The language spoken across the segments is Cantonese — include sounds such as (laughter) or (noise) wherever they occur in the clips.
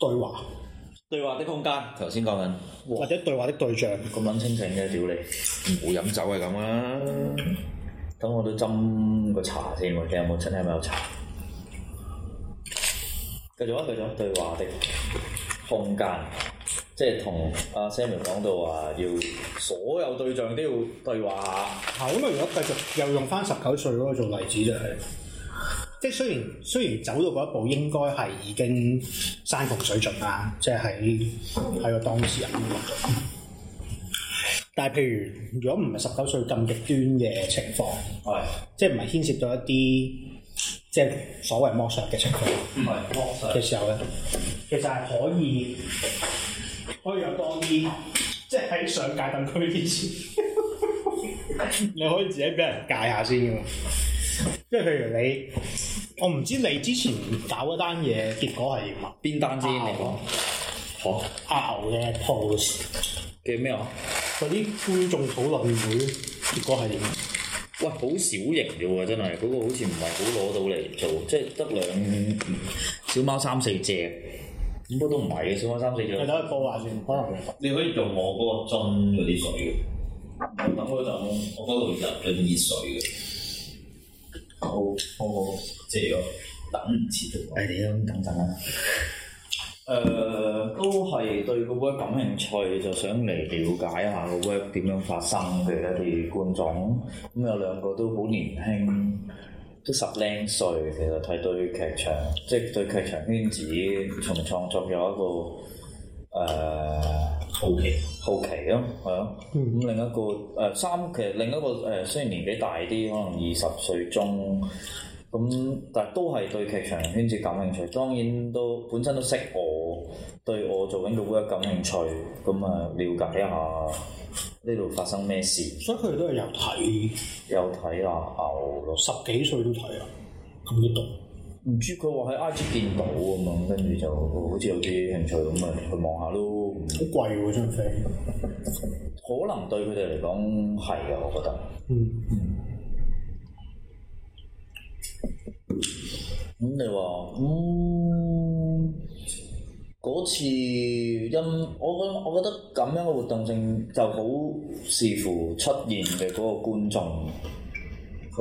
對話，對話的空間。頭先講緊，或者對話的對象。咁撚清醒嘅屌你，唔好飲酒係咁啦。等、嗯、我都斟個茶先喎，你有冇親？有冇茶？繼續啊，繼續。對話的空間，即係同阿 Sammy 講到話，要所有對象都要對話下。咁啊，如果繼續又用翻十九歲嗰個做例子就係、是。即係雖然雖然走到嗰一步應該係已經山窮水盡啦，即係喺喺個當事人嗰度。但係譬如，如果唔係十九歲咁極端嘅情況，係的即係唔係牽涉到一啲即係所謂剝削嘅情況，唔係剝削嘅時候咧，其實係可以可以有多啲，即係喺上界等佢先。 (laughs) 你可以自己俾人戒下先㗎。即係譬如你，我唔知你之前搞一單嘢，結果係點啊？邊單先你講說？好，阿牛嘅 post 嘅咩啊？嗰啲觀眾討論會，結果係點？喂，好小型嘅喎，真係嗰個好似唔係好攞到嚟做，即係得兩小貓三四隻，咁、嗯、不都唔係嘅，小貓三四隻。睇下個划算，可能你可以用我嗰個樽嗰啲水，打開就，我嗰度入樽熱水嘅。好，好好，即係。哎、呀等唔切到，誒，你都等陣啊。誒，都係對個 work 感興趣，就想嚟了解一下個 work 點樣發生嘅一啲觀眾。咁有兩個都好年輕，都十零歲，其實睇對劇場，即係對劇場圈子，從創作有一個誒。呃好奇好奇咯，係咯。咁另一個誒、呃、三，其實另一個誒、呃，雖然年紀大啲，可能二十歲中咁，但係都係對劇場圈子感興趣。當然都本身都識我，對我做緊個 work 感興趣，咁啊了解一下呢度發生咩事。所以佢哋都係有睇有睇啊，牛咯，十幾歲都睇啊，咁啲動。唔知佢話喺 IG 見到啊嘛，跟住就好似有啲興趣咁啊，去望下咯。好貴喎張飛，可能對佢哋嚟講係㗎，我覺得。嗯嗯。咁你話，嗯，嗰、嗯嗯、次因我覺我覺得咁樣嘅活動性就好視乎出現嘅嗰個觀眾，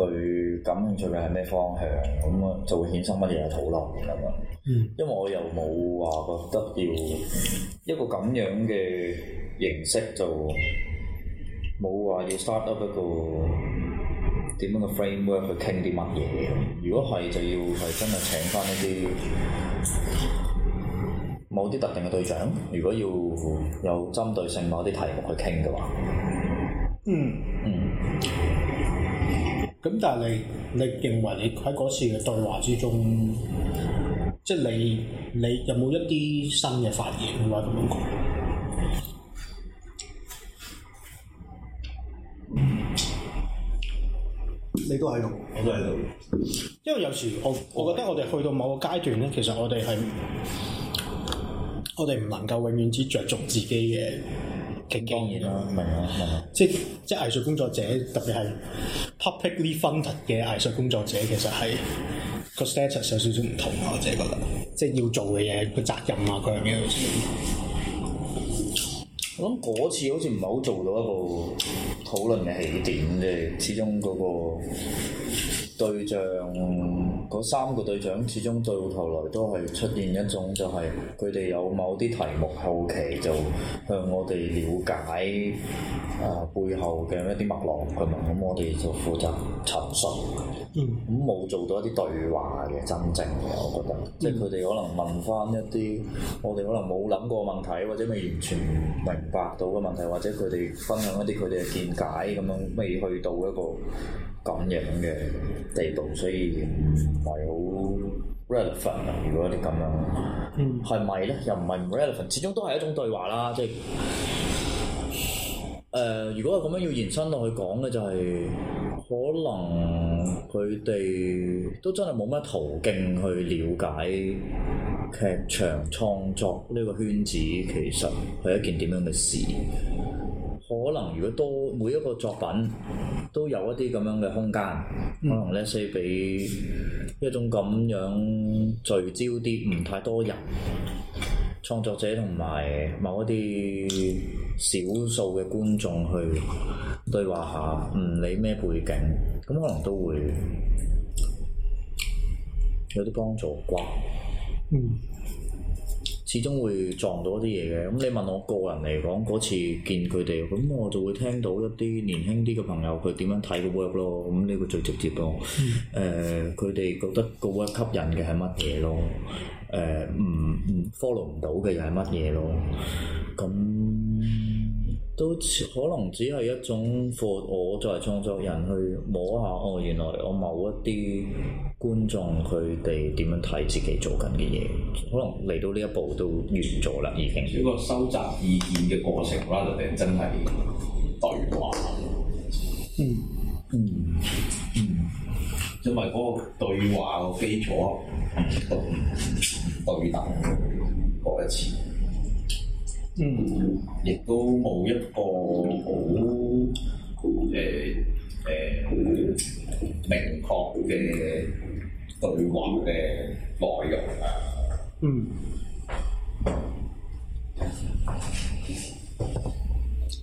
佢感興趣嘅係咩方向，咁啊就會衍生乜嘢嘅討論咁樣。嗯、因為我又冇話覺得要一個咁樣嘅形式，就冇話要 start up 一個點樣嘅 framework 去傾啲乜嘢。如果係就要係真係請返一啲某啲特定嘅對象，如果要有針對性某啲題目去傾嘅話，嗯嗯。嗯咁但係你，你認為你喺嗰次嘅對話之中，即係你你有冇一啲新嘅發現？咁啊咁樣講，你都係同我都係同，因為有時我我覺得我哋去到某個階段咧，其實我哋係我哋唔能夠永遠只着重自己嘅。當然啦，明啊，明啊，啊即係即係藝術工作者，特別係 publicly funded 嘅藝術工作者，其實喺個 status 有少少唔同，我覺得，即係要做嘅嘢，個責任啊，佢、嗯、係咩？我諗嗰次好似唔係好做到一個討論嘅起點，即係始終嗰個對象。嗰三個隊長始終到頭來都係出現一種，就係佢哋有某啲題目後期就向我哋了解啊、呃、背後嘅一啲脈絡咁啊，咁我哋就負責陳述，咁冇、嗯、做到一啲對話嘅真正，我覺得，嗯、即係佢哋可能問翻一啲我哋可能冇諗過問題，或者未完全明白到嘅問題，或者佢哋分享一啲佢哋嘅見解咁樣，未去到一個咁樣嘅地步，所以唔係好 relevant。如果啲咁樣，係咪咧？又唔係唔 relevant。始終都係一種對話啦。即係誒，如果我咁樣要延伸落去講嘅、就係，就係可能佢哋都真係冇乜途徑去了解劇場創作呢個圈子，其實係一件點樣嘅事。可能如果多每一個作品都有一啲咁樣嘅空間，嗯、可能咧需要俾一種咁樣聚焦啲，唔太多人創作者同埋某一啲少數嘅觀眾去對話下，唔理咩背景，咁可能都會有啲幫助啩，嗯。始終會撞到一啲嘢嘅，咁你問我個人嚟講，嗰次見佢哋，咁我就會聽到一啲年輕啲嘅朋友佢點樣睇個 work 咯，咁呢個最直接咯。誒，佢 (noise) 哋、呃、覺得個 work 吸引嘅係乜嘢咯？誒、呃，唔唔 follow 唔到嘅又係乜嘢咯？咁。都可能只係一種課，我作為創作人去摸下，哦，原來我某一啲觀眾佢哋點樣睇自己做緊嘅嘢，可能嚟到呢一步都完咗啦，已經，已經。呢個收集意見嘅過程啦，定真係對話？嗯嗯嗯，因為嗰個對話個基礎，對唔對？一次。嗯，亦都冇一個好誒誒明確嘅對話嘅內容啊。嗯。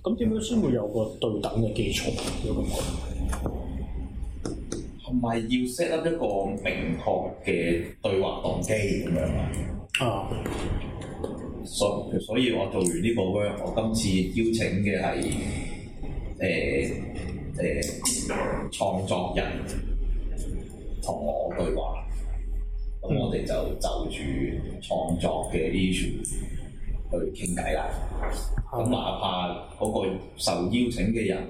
咁點樣先會有個對等嘅基礎？係咪要 set up 一個明確嘅對話動機咁樣啊？啊。所、so，所以，我做完呢個 work，我今次邀請嘅係誒誒創作人同我對話。咁我哋就就住創作嘅呢處去傾偈啦。咁哪怕嗰個受邀請嘅人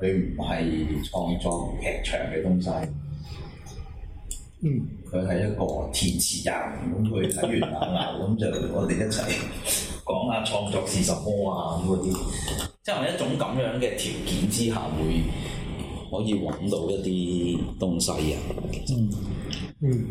佢唔係創作劇場嘅東西。佢係、嗯、一個填詞人，咁佢睇完眼啊，咁就我哋一齊講下創作是什麼啊咁啲。即係一種咁樣嘅條件之下，會可以揾到一啲東西啊。嗯，嗯。嗯，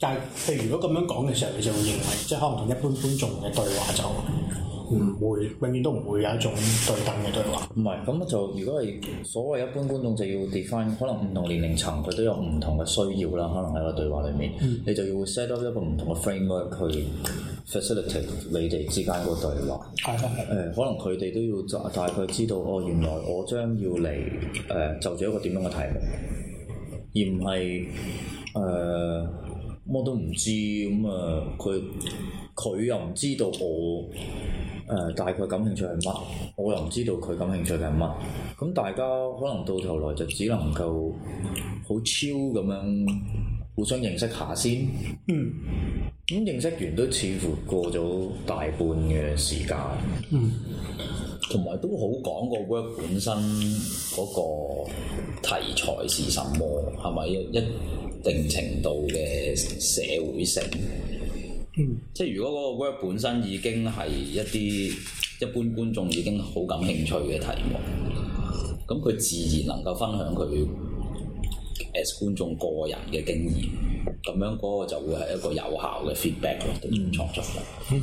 但係，譬如如果咁樣講嘅時候，你就會認為，即係可能同一般觀眾嘅對話就。唔會，嗯、永遠都唔會有一種對等嘅對話。唔係，咁就如果係所謂一般觀眾，就要 define 可能唔同年齡層佢都有唔同嘅需要啦。可能喺個對話裡面，嗯、你就要 set up 一個唔同嘅 framework 去 facilitate 你哋之間嗰個對話。 (laughs) 呃、可能佢哋都要大概知道，哦，原來我將要嚟誒、呃、就咗一個點樣嘅題目，而唔係誒乜都唔知咁啊。佢、嗯、佢、呃、又唔知道我。誒大概感興趣係乜？我又唔知道佢感興趣係乜。咁大家可能到頭來就只能夠好超咁樣互相認識下先。嗯。咁、嗯、認識完都似乎過咗大半嘅時間。嗯。同埋都好講個 work 本身嗰個題材是什麼，係咪一一定程度嘅社會性？嗯，即係如果嗰個 work 本身已經係一啲一般觀眾已經好感興趣嘅題目，咁佢自然能夠分享佢 as 觀眾個人嘅經驗，咁樣嗰個就會係一個有效嘅 feedback、嗯、對創作啦、嗯。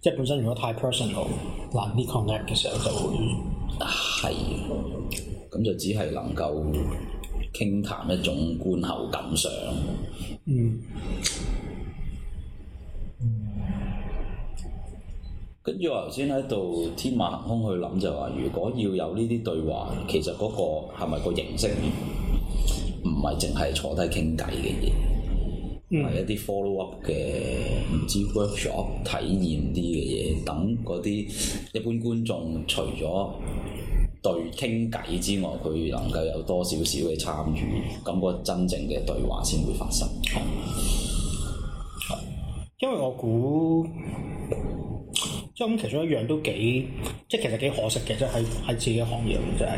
即係本身如果太 personal 難啲 connect 嘅時候，就會係，咁 (laughs) 就只係能夠傾談一種觀後感想。嗯。跟住我頭先喺度天馬行空去諗，就話如果要有呢啲對話，其實嗰、嗰個係咪個形式唔係淨係坐低傾偈嘅嘢，係、嗯、一啲 follow up 嘅唔知 workshop 體驗啲嘅嘢，等嗰啲一般觀眾除咗對傾偈之外，佢能夠有多少少嘅參與，咁、嗰個真正嘅對話先會發生。因為我估。咁其中一樣都幾，即係其實幾可惜嘅，就係、係、喺自己行業就係、係，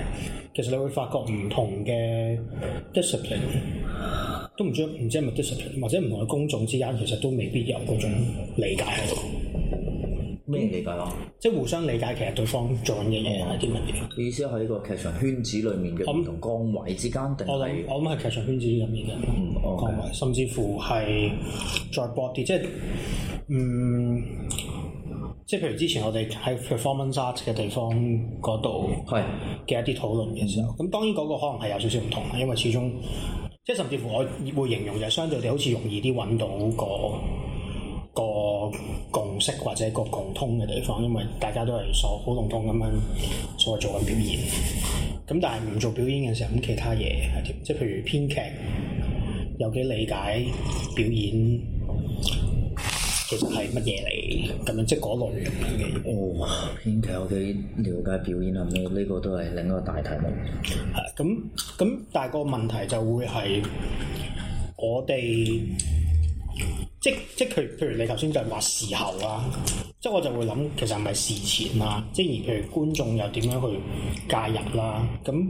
其實你會發覺唔同嘅 discipline 都唔知唔知係咪 discipline，或者唔同嘅公眾之間，其實都未必有嗰種理解喺度。咩理解啊？即係互相理解，其實對方做緊嘅嘢係啲乜嘢？意思喺個劇場圈子裡面嘅唔同崗位之間，定、嗯、係我諗，我諗係劇場圈子裡面嘅、嗯 okay. 就是。嗯，哦，甚至乎係再博啲，即係嗯。即係譬如之前我哋喺 performance arts 嘅地方嗰度嘅一啲討論嘅時候，咁的當然嗰個可能係有少少唔同，因為始終即係甚至乎我會形容就係相對地好似容易啲揾到個個共識或者個共通嘅地方，因為大家都係所好籠統咁樣所謂做緊表演。咁但係唔做表演嘅時候，咁其他嘢係點？即係譬如編劇有幾理解表演？其實係乜嘢嚟？咁樣即係嗰類嘅嘢。哦，編劇有幾了解表演啊？咁呢個都係另一個大題目。係咁咁，但係個問題就會係我哋即即係譬如，譬如你頭先就係話事後啊，即係我就會諗，其實係咪事前啊？即係而譬如觀眾又點樣去介入啦？咁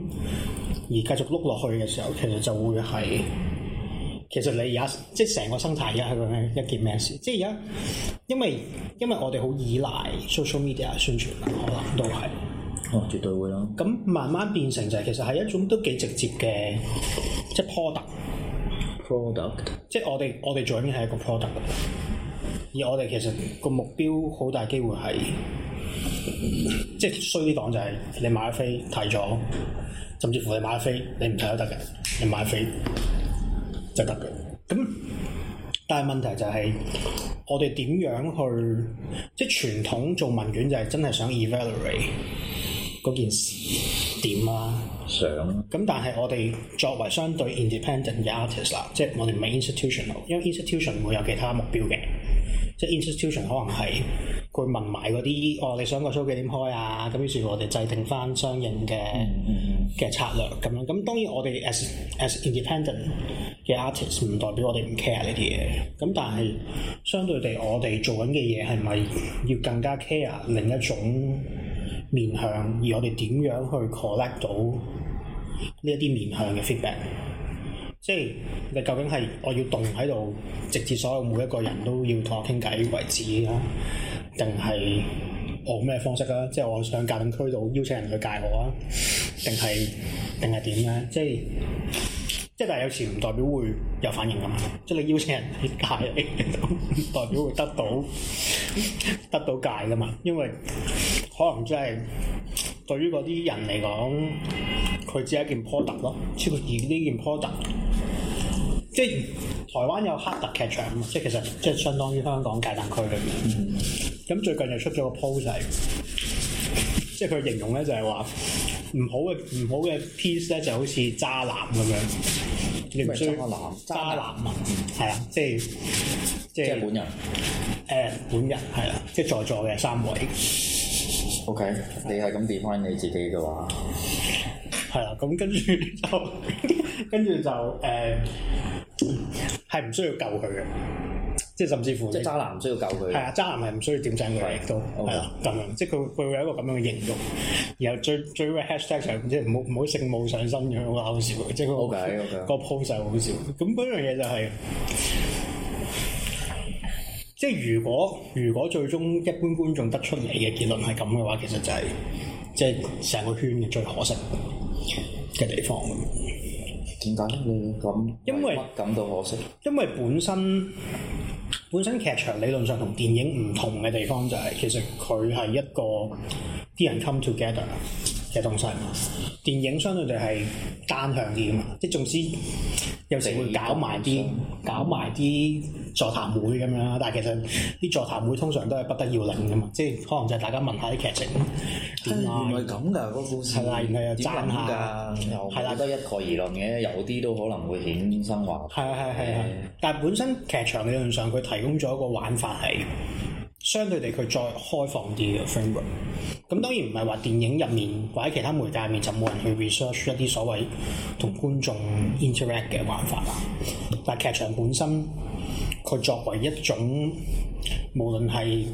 而繼續碌落去嘅時候，其實就會係。其實你而家即係成個生態而家係個咩一件咩事？即係而家，因為因為我哋好依賴 social media 宣傳，可能都係，哦，絕對會咯。咁慢慢變成就係、是，其實係一種都幾直接嘅，即係 product, product? 即。product，即係我哋我哋做緊係一個 product。而我哋其實個目標好大機會係，即係衰啲講就係、是，你買飛睇咗，甚至乎你買飛你唔睇都得嘅，你買飛。就得嘅，咁但係問題就係我哋點樣去即係傳統做問卷，就係真係想 evaluate 嗰件事點啦、啊。想咁，但係我哋作為相對 independent artist 啦，即係我哋唔係 institutional，因為 institution 會有其他目標嘅。即係 institution 可能係佢問埋嗰啲，哦你想個 show 幾點開啊？咁於是乎我哋制定返相應嘅嘅、mm hmm. 策略咁樣。咁當然我哋 as as independent 嘅 artist 唔代表我哋唔 care 呢啲嘢。咁但係相對地，我哋做緊嘅嘢係咪要更加 care 另一種面向？而我哋點樣去 collect 到呢一啲面向嘅 feedback？即係你究竟係我要動喺度，直至所有每一個人都要同我傾偈為止啦，定係我咩方式啦、啊？即係我想隔頓區度邀請人去戒我啦，定係定係點咧？即係即係，但係有時唔代表會有反應噶嘛。即係你邀請人去戒， (laughs) 代表會得到得到戒噶嘛？因為可能真係。對於嗰啲人嚟講，佢只係一件 product 咯，超過而呢件 product，即係台灣有黑特劇場啊嘛，即係其實即係相當於香港芥藍區裏面。咁、嗯、最近又出咗個 post 係，即係佢形容咧就係話唔好嘅唔好嘅 piece 咧就好似渣男咁樣，你唔需要渣男，係啊，即係即係本人，誒、呃、本人係啊，即係在座嘅三位。O Okay , K，你係咁 define 你自己嘅話，係啦，咁跟住就， (laughs) 跟住就誒，係、呃、唔需要救佢嘅，即係甚至乎，即渣男唔需要救佢，係啊，渣男係唔需要點醒佢，亦都係咁樣，即係佢佢會有一個咁樣嘅形容，然後最最尾 hashtag 就唔唔好唔好聖母上身咁樣、那個、Okay, okay. (laughs) 好笑，即、那、係個 pose 好笑。咁嗰樣嘢就係。即係如果如果最終一般觀眾得出嚟嘅結論係咁嘅話，其實就係、是、即係成個圈嘅最可惜嘅地方。點解你會咁？因為感到可惜。因為本身本身劇場理論上同電影唔同嘅地方就係、是，其實佢係一個啲人 come together。嘅東西，電影相對地係單向啲啊嘛，即係總之有時會搞埋啲、搞埋啲座談會咁樣，但係其實啲座談會通常都係不得要領㗎嘛，即係可能就係大家問下啲劇情點、那個、啊。原來咁㗎，故事係啦，原來又爭下。係啦，都係一概而論嘅，有啲都可能會衍生話。係啊係啊係啊！但係本身劇場理論上佢提供咗一個玩法係。相對地，佢再開放啲嘅 framework。咁當然唔係話電影入面或者其他媒介入面就冇人去 research 一啲所謂同觀眾 interact 嘅玩法啦。但係劇場本身，佢作為一種無論係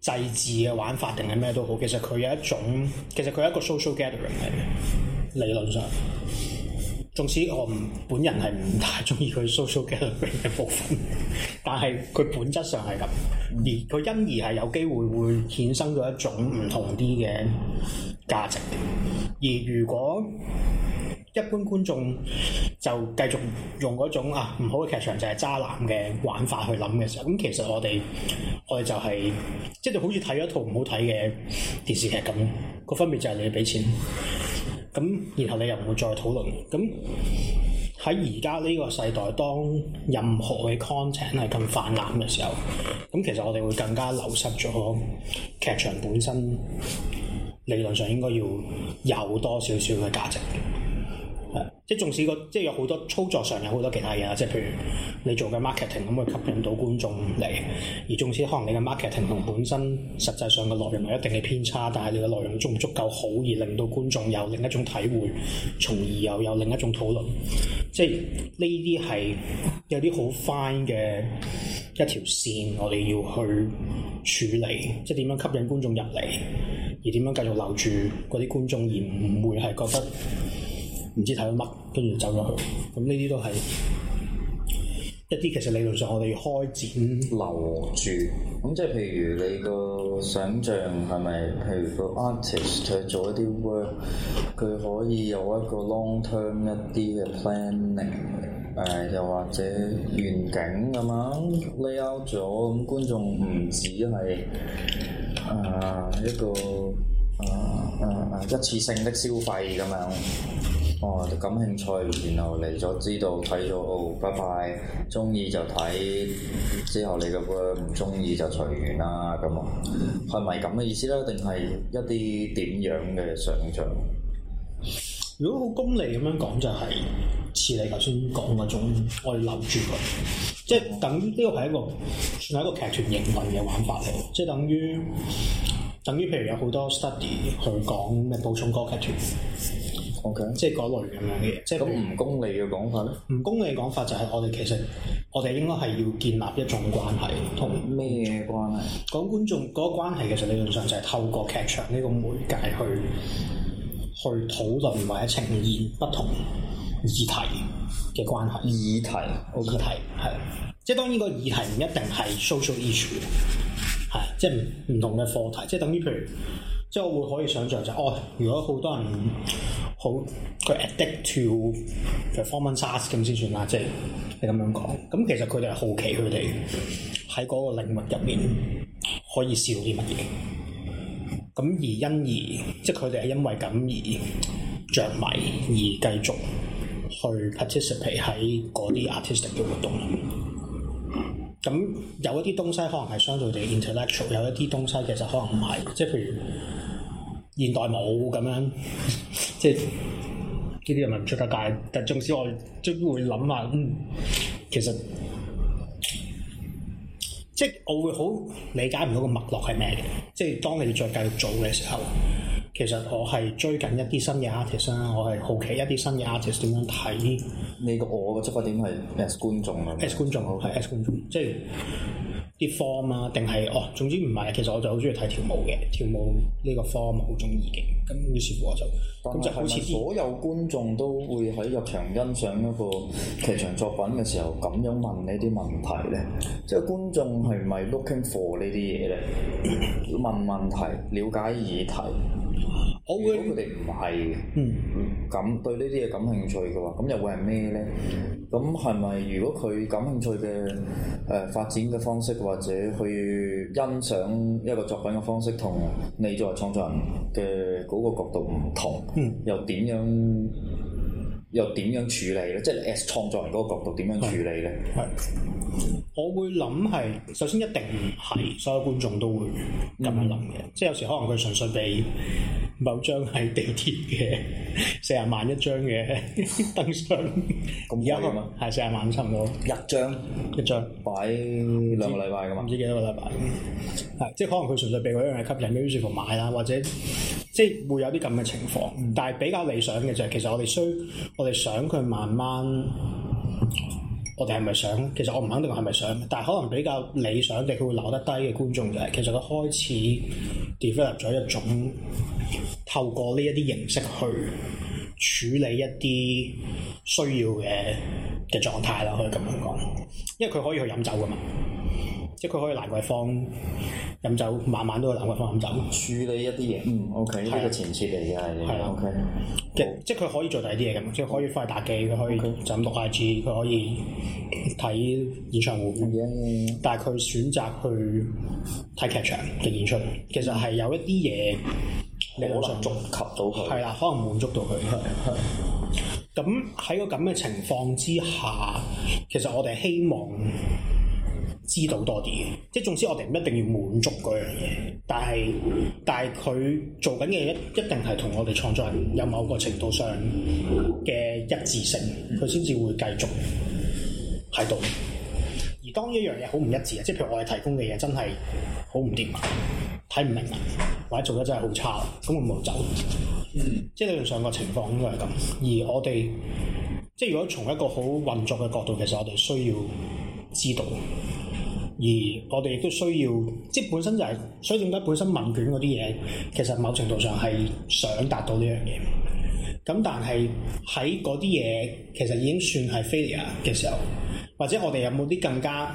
祭祀嘅玩法定係咩都好，其實佢有一種，其實佢係一個 social gathering 嚟嘅理論上。縱使我唔本人係唔太中意佢 social 嘅一部分，但係佢本質上係咁，而佢因而係有機會會衍生咗一種唔同啲嘅價值。而如果一般觀眾就繼續用嗰種啊唔好嘅劇場就係渣男嘅玩法去諗嘅時候，咁、嗯、其實我哋我哋就係即係好似睇咗一套唔好睇嘅電視劇咁，個分別就係你俾錢。咁，然後你又唔會再討論。咁喺而家呢個世代，當任何嘅 content 係咁泛濫嘅時候，咁其實我哋會更加流失咗劇場本身理論上應該要有多少少嘅價值。即係縱使個，即係有好多操作上有好多其他嘢啊，即係譬如你做嘅 marketing，咁會吸引到觀眾嚟，而縱使可能你嘅 marketing 同本身實際上嘅內容有一定嘅偏差，但係你嘅內容足唔足夠好，而令到觀眾有另一種體會，從而又有另一種討論，即係呢啲係有啲好 fine 嘅一條線，我哋要去處理，即係點樣吸引觀眾入嚟，而點樣繼續留住嗰啲觀眾而唔會係覺得。唔知睇緊乜，跟住走咗去。咁呢啲都係一啲其實理論上我哋要開展留住。咁即係譬如你個想像係咪？譬如個 artist 去做一啲 work，佢可以有一個 long term 一啲嘅 planning、呃。誒，又或者願景咁樣 layout 咗，咁、嗯、觀眾唔止係誒、呃、一個誒誒、呃呃、一次性的消費咁樣。哦，感興趣，然後嚟咗知道睇咗、哦，拜拜。中意就睇，之後你嘅唔中意就隨緣啦。咁啊，係咪咁嘅意思咧？定係一啲點樣嘅想象？如果好功利咁樣講，就係似你頭先講嗰種，我哋留住佢，即係等於、呢個係一個算係一個劇團營運嘅玩法嚟，即係等於等於，譬如有好多 study 去講咩補充歌劇團。OK，即係嗰類咁樣嘅嘢，即係咁唔功利嘅講法咧。唔功利嘅講法就係我哋，其實我哋應該係要建立一種關係，同咩嘅關係？講觀眾嗰個關係，其實理論上就係透過劇場呢個媒介去去討論或者呈現不同議題嘅關係。議題，okay。議題，係，即係當然個議題唔一定係 social issue，係，即係唔同嘅課題，即係等於譬如，即係我會可以想像就係、哦，如果好多人。好佢 addict to performance arts 咁先算啦，即係你咁樣講。咁其實佢哋係好奇佢哋喺嗰個領域入面可以笑啲乜嘢。咁而因而，即係佢哋係因為咁而着迷，而繼續去 participate 喺嗰啲 artistic 嘅活動。咁有一啲東西可能係相對地 intellectual，有一啲東西其實可能唔係，即係譬如。現代冇咁樣，即係呢啲人民出得界。但係總之我終會諗下，嗯，其實即係我會好理解唔到個脈絡係咩嘅。即係當你再繼續做嘅時候，其實我係追緊一啲新嘅 artist 啦。我係好奇一啲新嘅 artist 點樣睇。呢個我嘅執法點係 as 觀眾啊？as 觀眾好，係 as 觀眾，即係。啲 form 啊，定係哦，總之唔係，其實我就好中意睇跳舞嘅，跳舞呢個 form 好中意嘅。咁於是乎我就但係好似所有觀眾都會喺入場欣賞一個劇場作品嘅時候，咁樣問呢啲問題咧？即係觀眾係咪 looking for 呢啲嘢咧？問問題，了解議題。如果佢哋唔係，嗯，咁對呢啲嘢感興趣嘅話，咁又會係咩咧？咁係咪如果佢感興趣嘅誒、呃、發展嘅方式，或者去欣賞一個作品嘅方式，同你作為創作人嘅嗰個角度唔同，嗯、又點樣？又點樣處理咧？即係 as 創作人嗰個角度點樣處理咧？係，我會諗係首先一定唔係所有觀眾都會咁樣諗嘅。嗯、即係有時可能佢純粹俾某張係地鐵嘅四廿萬一張嘅燈箱，咁而家係四廿萬差唔多一張，張一張擺兩個禮拜噶嘛？唔知幾多個禮拜？係、嗯、即係可能佢純粹俾嗰樣嘅吸引，於是乎買啦，或者即係會有啲咁嘅情況。但係比較理想嘅就係、係、其實我哋需。我哋想佢慢慢，我哋係咪想？其實我唔肯定我係咪想，但係可能比較理想嘅佢會留得低嘅觀眾嘅、就係。其實佢開始 develop 咗一種透過呢一啲形式去處理一啲需要嘅。嘅狀態啦，可以咁樣講，因為佢可以去飲酒噶嘛，即係佢可以蘭桂坊飲酒，晚晚都去蘭桂坊飲酒。處理一啲嘢，嗯，OK，呢個前設嚟嘅係，係 OK。即係即係佢可以做第二啲嘢噶嘛，即係可以翻去打機，佢可以 Okay. 就咁碌下機，佢可以睇演唱會。Yeah. 但係佢選擇去睇劇場嘅演出，其實係有一啲嘢你想可想觸及到佢，係啦，可能滿足到佢。 (laughs) 咁喺個咁嘅情況之下，其實我哋希望知道多啲，即係，總之我哋唔一定要滿足嗰樣嘢，但係但係佢做緊嘅嘢一一定係同我哋創作人有某個程度上嘅一致性，佢先至會繼續喺度。當一樣嘢好唔一致啊，即係譬如我哋提供嘅嘢真係好唔掂，睇唔明，或者做得真係好差，咁我冇走。嗯，即係理論上個情況應該係咁。而我哋即係如果從一個好運作嘅角度，其實我哋需要知道。而我哋亦都需要，即係本身就係、是，所以點解本身問卷嗰啲嘢，其實某程度上係想達到呢樣嘢。咁但係喺嗰啲嘢其實已經算係 failure 嘅時候，或者我哋有冇啲更加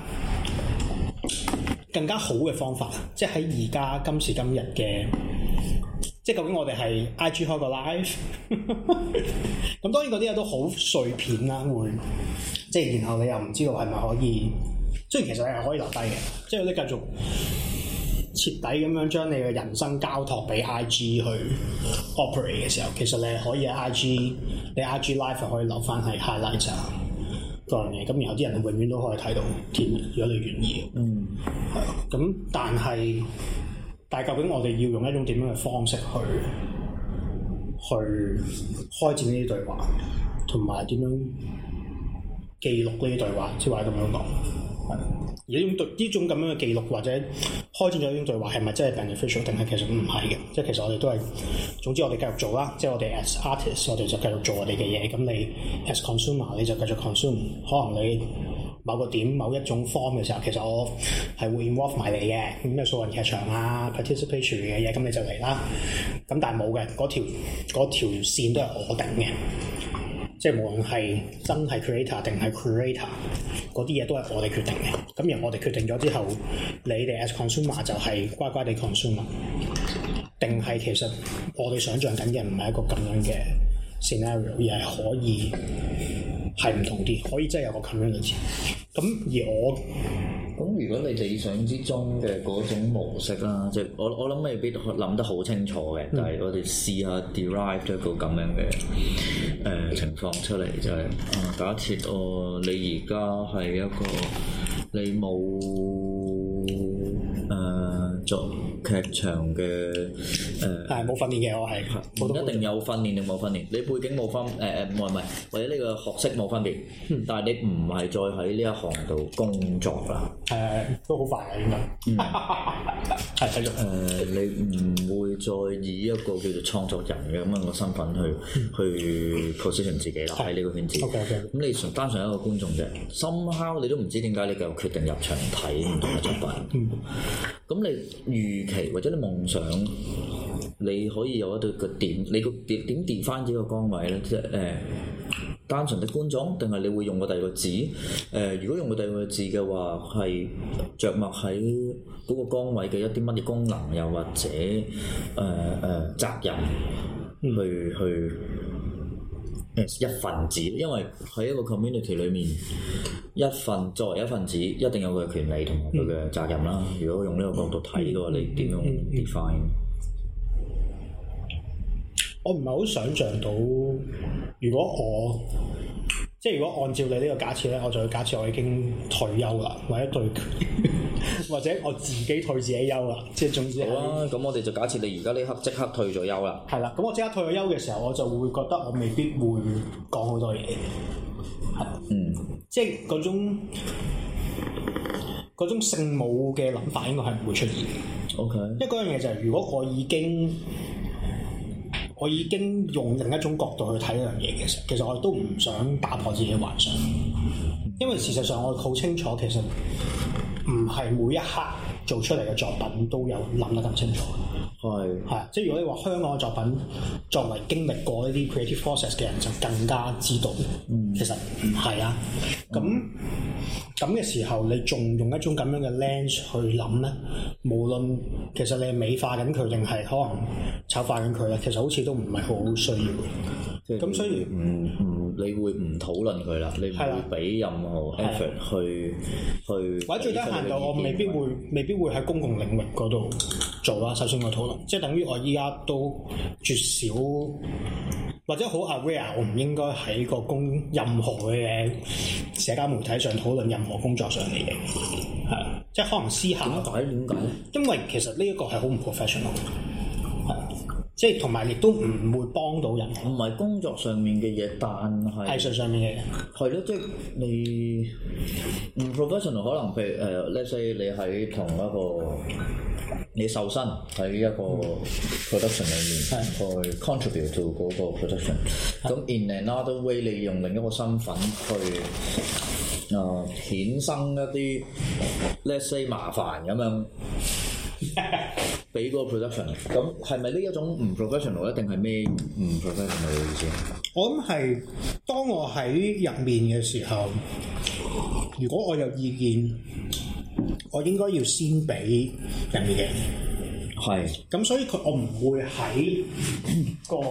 更加好嘅方法？即係喺而家今時今日嘅，即係究竟我哋係 IG 開個 live，咁 (laughs) 當然嗰啲嘢都好碎片啦，會即係然後你又唔知道係咪可以，雖然其實係可以留低嘅，即係我哋繼續。徹底咁樣將你嘅人生交託俾 I G 去 operate 嘅時候，其實你係可以喺 I G，你 I G live 就可以留翻係 highlight 多、er、樣嘢，咁然後啲人永遠都可以睇到點，如果你願意。嗯，係。咁但係，但，但究竟我哋要用一種點樣嘅方式去去開展呢啲對話，同埋點樣記錄呢啲對話？即係話咁樣講。而呢種呢種咁樣嘅記錄或者開展咗呢種對話，係咪真係 beneficial？定係其實唔係嘅？即係其實我哋都係，總之我哋繼續做啦。即係我哋 as artist，我哋就繼續做我哋嘅嘢。咁你 as consumer，你就繼續 consume。可能你某個點某一種 form 嘅時候，其實我係會 involve 埋你嘅。咁咩素人劇場啊 participation 嘅嘢，咁你就嚟啦。咁但係冇嘅，嗰條嗰條線都係我定嘅。即係無論係真係 creator 定係 creator，嗰啲嘢都係我哋決定嘅。咁而我哋決定咗之後，你哋 as consumer 就係乖乖哋 consumer。定係其實我哋想像緊嘅唔係一個咁樣嘅 scenario，而係可以係唔同啲，可以真係有個 community 咁而我。咁如果你理想之中嘅嗰種模式啦，即、就、係、是、我我諗未必諗得好清楚嘅，但係、嗯、我哋試下 derive 咗、呃就是嗯、一個咁樣嘅誒情況出嚟，就係假設哦，你而家係一個你冇誒做。劇場嘅誒係冇訓練嘅，我係唔一定有訓練，你冇訓練，你背景冇分誒誒唔係唔係，或者呢個學識冇分別。嗯、但係你唔係再喺呢一行度工作啦。係都好快㗎應該。係繼續你唔會再以一個叫做創作人嘅咁樣嘅身份去、嗯、去 position 自己啦喺呢個圈子。咁 okay, okay. 你純單純一個觀眾嘅，深刻你都唔知點解你嘅決定入場睇唔同嘅作品。嗯，咁你預期。或者你夢想，你可以有一對個點，你個點點調翻自己個崗位咧，即係誒，單純的觀眾，定係你會用個第二個字？誒、呃，如果用個第二個字嘅話，係着墨喺嗰個崗位嘅一啲乜嘢功能又，又或者誒誒、呃呃、責任去去。一份子，因為喺一個 community 裏面，一份作為一份子，一定有佢嘅權利同埋佢嘅責任啦。如果用呢個角度睇嘅話，你點樣 define？我唔係好想像到，如果我。即係如果按照你呢個假設咧，我就假設我已經退休啦，或者退，或者我自己退自己休啦。即係總之，好啦、啊，咁我哋就假設你而家呢刻即刻退咗休啦。係啦，咁我即刻退咗休嘅時候，我就會覺得我未必會講好多嘢。嗯，即係嗰種嗰種聖母嘅諗法，應該係唔會出現嘅。O K，因為嗰樣嘢就係如果我已經。我已經用另一種角度去睇一樣嘢嘅時候，其實我都唔想打破自己幻想，因為事實上我好清楚，其實唔係每一刻做出嚟嘅作品都有諗得咁清楚。係係是，即係如果你話香港嘅作品，作為經歷過呢啲 creative process 嘅人，就更加知道、嗯、其實係啊，咁。咁嘅時候，你仲用一種咁樣嘅 lens 去諗咧？無論其實你係美化緊佢定係可能醜化緊佢咧，其實好似都唔係好需要嘅。咁即是 所以唔唔，嗯、你會唔討論佢啦？的你唔會俾任何 effort 去的去。去或者最低限度，我未必會何未必會喺公共領域度做啦。首先我討論，即、就、係、是、等於我依家都絕少或者好 aware，我唔應該喺個公任何嘅社交媒體上討論任何。我工作上嚟嘅嘢， (noise) 即係可能私下，點解咧？點解呢，因為其實呢一個係好唔 professional。即係同埋亦都唔會幫到人，唔係工作上面嘅嘢，但係藝術上面嘅嘢係咯，即係你唔 professional，可能譬如、呃、let's say，你喺同一個你受薪，喺一個 production 裡面去的 contribute 到嗰個 production，咁的 in another way，你用另一個身份去啊、呃、衍生一啲 let's say，麻煩咁樣。俾 (laughs) 個 production 咁係咪呢一種唔 professional，一定係咩唔 professional 嘅意思？我諗係當我喺入面嘅時候，如果我有意見，我應該要先俾入面嘅。係，咁是所以佢我唔會喺個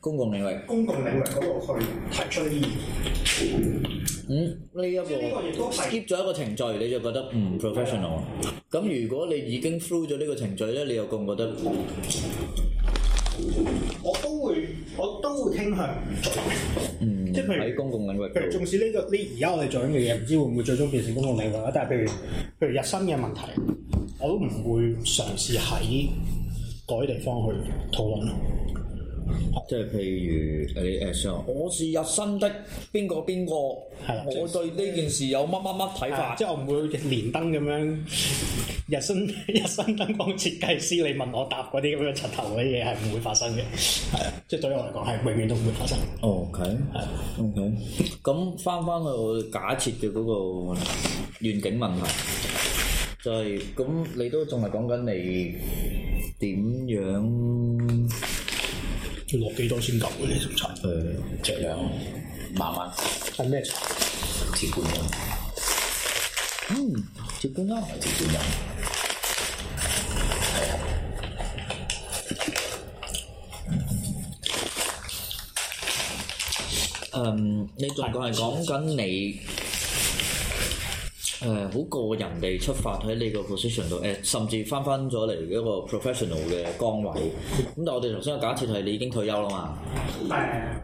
公共領域、公共領域嗰度去提出啲意見。嗯，呢一,一個，個 skip 咗一個程序，你就覺得唔、嗯、professional。咁、嗯、如果你已經 through 咗呢個程序咧，你又覺唔覺得？我都會，我都會傾向，嗯，喺公共領域，譬如重視呢個，呢而家我哋做緊嘅嘢，唔知會唔會最終變成公共領域啊？但係譬如譬如日身嘅問題。我都唔會嘗試喺嗰啲地方去討論咯。即係譬如你誒，我是日新的邊個邊個，的我對呢件事有乜乜乜睇法？即係我唔會連燈咁樣，日新日新燈光設計師，你問我答嗰啲咁樣柒頭嗰啲嘢係唔會發生嘅。係啊的，的即係對我嚟講係永遠都唔會發生。OK，係 OK。咁翻返去假設嘅嗰個願景問題。就係咁，你都仲係講緊你點樣要落幾多先夠嘅呢？食材誒，隻量慢慢。係咩？接觀音。嗯，接觀音。接觀音。係啊。嗯，你仲係講緊你？誒好個人地出發喺呢個 position 度，誒、呃、甚至翻翻咗嚟一個 professional 嘅崗位，咁但係我哋頭先嘅假設係你已經退休啦嘛，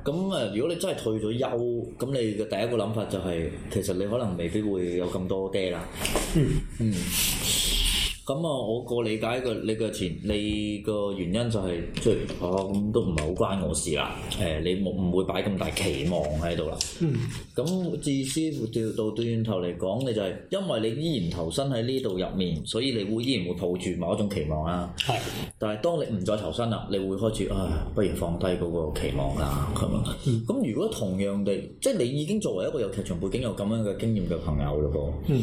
咁誒如果你真係退咗休，咁你嘅第一個諗法就係、是、其實你可能未必會有咁多爹啦。嗯嗯。咁啊，嗯、我個理解嘅你嘅前你個原因就係、是，即係哦，咁、啊、都唔係好關我事啦。誒、呃，你冇唔會擺咁大期望喺度啦。嗯。咁至少調到對面頭嚟講，你就係因為你依然投身喺呢度入面，所以你會依然會抱住某一種期望啦。係是。但係當你唔再投身啦，你會開始啊，不如放低嗰個期望啊咁樣。咁、嗯、如果同樣地，即係你已經作為一個有劇場背景、有咁樣嘅經驗嘅朋友嘞噃。嗯。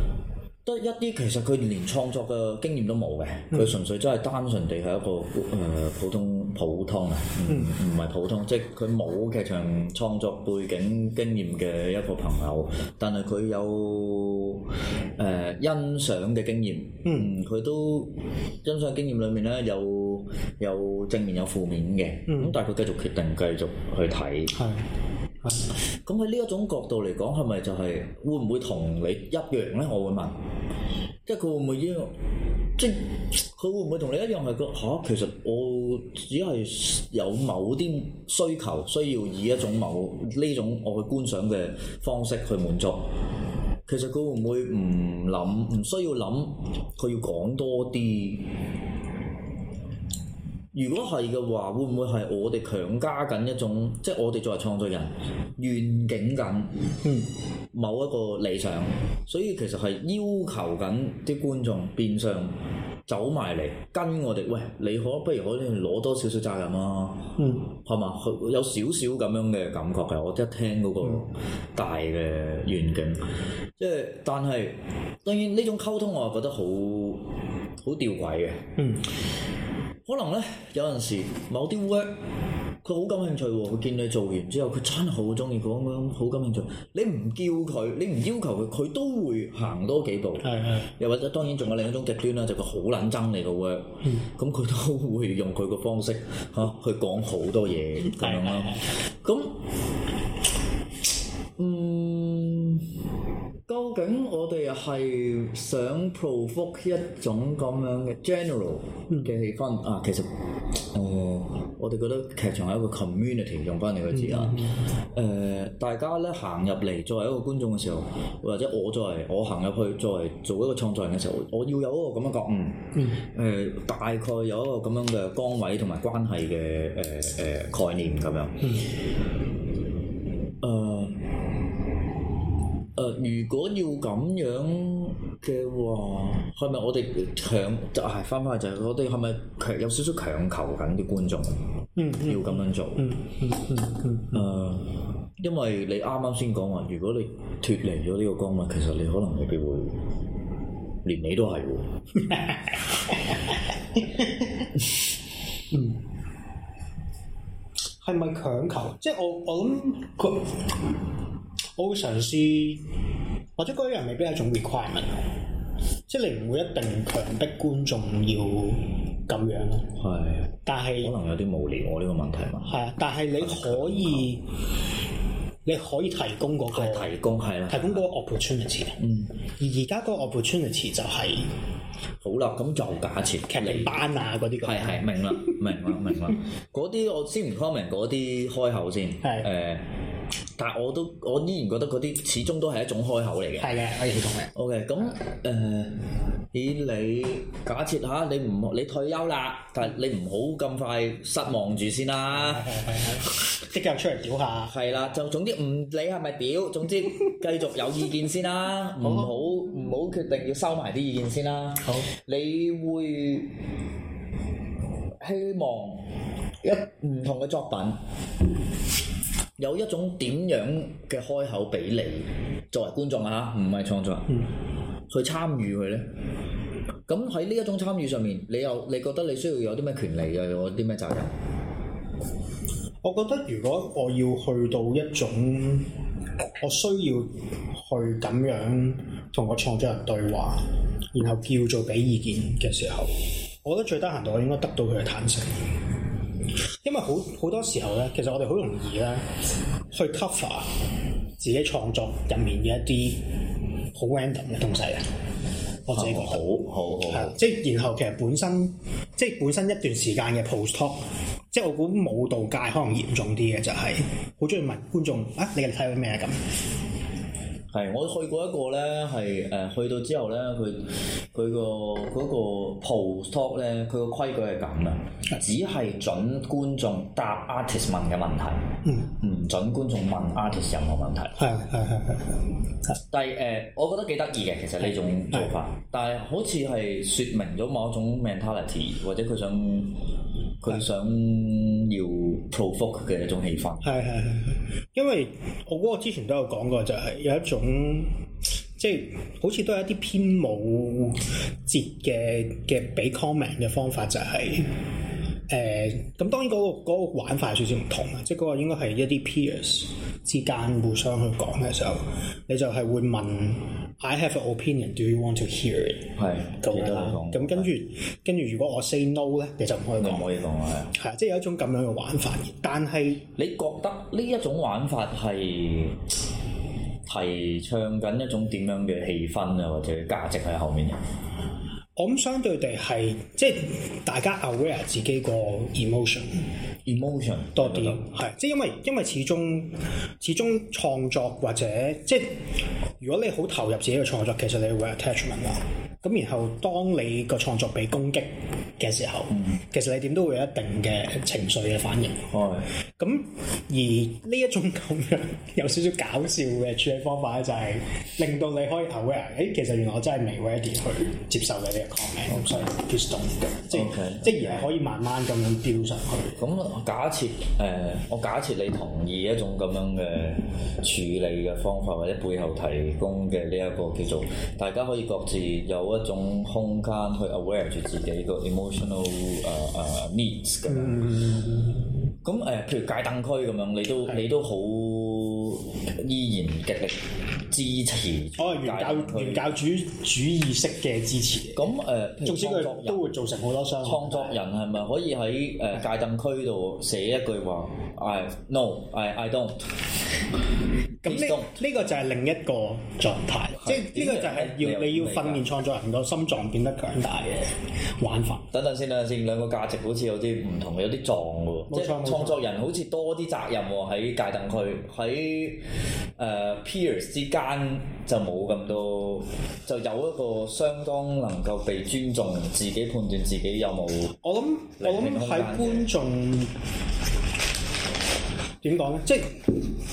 嗯得一啲，其實佢連創作嘅經驗都冇嘅，佢、嗯、純粹真係單純地係一個誒普通普通啊，唔唔係普通，即係佢冇劇場創作背景經驗嘅一個朋友，但係佢有誒、呃、欣賞嘅經驗，嗯，佢都欣賞經驗裏面咧有有正面有負面嘅，咁、嗯、但係佢繼續決定繼續去睇，係。咁喺呢一種角度嚟講，係咪就係會唔會同你一樣呢？我會問，即係佢會唔會一樣，即係佢會唔會同你一樣係個嚇、啊？其實我只係有某啲需求，需要以一種某呢種我去觀賞嘅方式去滿足。其實佢會唔會唔諗，唔需要諗，佢要講多啲。如果係嘅話，會唔會係我哋強加緊一種，即係我哋作為創作人願景緊某一個理想，嗯、所以其實係要求緊啲觀眾變相走埋嚟跟我哋。喂，你可不如可以攞多少少責任啦，係嘛、嗯？有少少咁樣嘅感覺嘅。我一聽嗰個大嘅願景，即係但係當然呢種溝通，我覺得好好吊詭嘅。嗯可能咧，有陣時，某啲 work 佢好感興趣喎、哦，佢見你做完之後，佢真係好中意，佢咁樣好感興趣。你唔叫佢，你唔要求佢，佢都會行多幾步。係係， (music) 又或者當然仲有另一種極端啦，就佢好撚憎你個 work。咁 (noise) 佢樂、嗯、都會用佢個方式吓、啊、去講好多嘢咁 (music) 樣咯。咁 (music) 嗯。究竟我哋係想 provoke 一種咁樣嘅 general 嘅氣氛、嗯、啊？其實誒、呃，我哋覺得劇場係一個 community 用翻你個字啊！誒、嗯嗯呃，大家咧行入嚟作為一個觀眾嘅時候，或者我作為我行入去作為做一個創作人嘅時候，我要有一個咁樣覺悟。誒、嗯呃，大概有一個咁樣嘅崗位同埋關係嘅誒誒概念咁樣。嗯如果要咁樣嘅話，係咪我哋強就係翻翻就係我哋係咪強有少少強求緊啲觀眾，嗯嗯、要咁樣做？嗯嗯，嗯，嗯、uh, 因為你啱啱先講話，如果你脫離咗呢個光幕，其實你可能未必會連你都係喎。嗯，係咪強求？ (laughs) 即係我我諗佢。 (laughs) (laughs) 我會嘗試，或者嗰啲人未必係一種 requirement，即係你唔會一定強逼觀眾要咁樣咯。係，但係可能有啲無聊我呢個問題嘛。係啊，但係你可以，你可以提供嗰個，提供係啦，提供嗰個 opportunity。嗯，而而家嗰個 opportunity 就係，好啦，咁就假設劇力班啊嗰啲，係係明啦，明啦明啦，嗰啲我先唔 comment 嗰啲開口先，係誒。但係我都，我依然覺得嗰啲始終都係一種開口嚟嘅。係嘅，我認同嘅。O.K. 咁誒，咦、呃、你假設吓你唔你退休啦，但係你唔好咁快失望住先啦、啊，即刻出嚟屌下。係啦，就總之唔理係咪屌？ (laughs) 總之繼續有意見先啦、啊，唔 (laughs) 好唔好決定要收埋啲意見先啦、啊。好，你會希望一唔同嘅作品。有一種點樣嘅開口俾你作為觀眾嚇，唔、啊、係創作，嗯、去參與佢呢？咁喺呢一種參與上面，你又你覺得你需要有啲咩權利，又有啲咩責任？我覺得如果我要去到一種，我需要去咁樣同個創作人對話，然後叫做俾意見嘅時候，我覺得最低限度，我應該得到佢嘅坦誠。因為好好多時候咧，其實我哋好容易咧去 cover 自己創作入面嘅一啲好 random 嘅東西嘅，或者好好好，係即係然後其實本身即係本身一段時間嘅 post talk，即係我估舞蹈界可能嚴重啲嘅就係好中意問觀眾啊，你睇到咩啊咁。係我去過一個咧，係誒、呃、去到之後咧，佢佢個嗰個 post talk 咧，佢個規矩係咁啦，只係准觀眾答 artist 問嘅問題，嗯，唔准觀眾問 artist 任何問題，係係係係，但係誒、呃、我覺得幾得意嘅，其實呢種做法，但係好似係說明咗某一種 mentality，或者佢想佢想要 provoke 嘅一種氣氛。係係係，因為我我之前都有講過，就係、是。有一種。咁、嗯、即係好似都有一啲偏武節嘅嘅俾 comment 嘅方法，就係誒，咁當然嗰、嗰個嗰個玩法係有少少唔同啊，即係嗰個應該係一啲 peers 之間互相去講嘅時候，你就係會問 I have an opinion，do you want to hear it？係，咁是跟住跟住，如果我 say no 咧，的你就唔可以講，唔可以講係啊，係啊，即係有一種咁樣嘅玩法，但係你覺得呢一種玩法係？提倡緊一種點樣嘅氣氛啊，或者價值喺後面？我諗相對地係即係大家 aware 自己個 emotion，emotion emotion 多啲，係、嗯、即係因為因為始終始終創作或者即係如果你好投入自己嘅創作，其實你會 attachment 啦。咁然後當你個創作被攻擊嘅時候，嗯、其實你點都會有一定嘅情緒嘅反應係。咁、嗯、而呢一種咁樣有少少搞笑嘅處理方法咧，就是，就係令到你可以 aware，哎，其實原來我真係未 ready 去接受你哋。抗病，所嘅、okay. okay. okay.，即係即係可以慢慢咁樣飆上去。咁假設，誒，我假設你同意一種咁樣嘅處理嘅方法，或者背後提供嘅呢一個叫做大家可以各自有一種空間去 aware 住自己個 emotional 啊 needs 嘅。咁誒、呃，譬如街燈區咁樣，你都的你都好依然極力支持。哦，原教原教主主義式嘅支持。咁誒，呃、人即使佢都會造成好多傷害，創作人係咪可以喺誒街燈區度寫一句話？I no, I I don't。 (laughs) 咁呢呢個就係另一個狀態，即係呢個就係要你要訓練創作人個心臟變得強大嘅玩法。等等先啊，先兩個價值好似有啲唔同，有啲撞嘅喎。錯即係錯創作人好似多啲責任喎，喺界凳區，喺誒、uh, peers 之間就冇咁多，就有一個相當能夠被尊重，自己判斷自己有冇。我諗我諗喺觀眾。點講咧？即係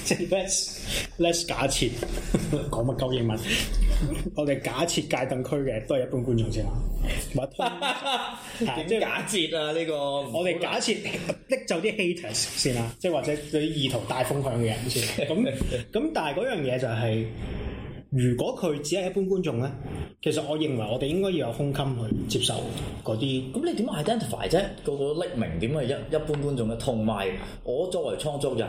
即係 let's, let's 假設講乜鳩英文？ (laughs) 我哋假設界凳區嘅都係一般觀眾啫嘛，或者通啊？點 (laughs) 假設啊？呢、這個我哋假設剔走啲 hater 先啦，即係或者嗰啲意圖帶風向嘅人先。咁咁，但係嗰樣嘢就係、是。如果佢只係一般觀眾咧，其實我認為我哋應該要有胸襟去接受嗰啲。咁你點樣 identify 啫？個個匿名點解一一般觀眾嘅？同埋我作為創作人，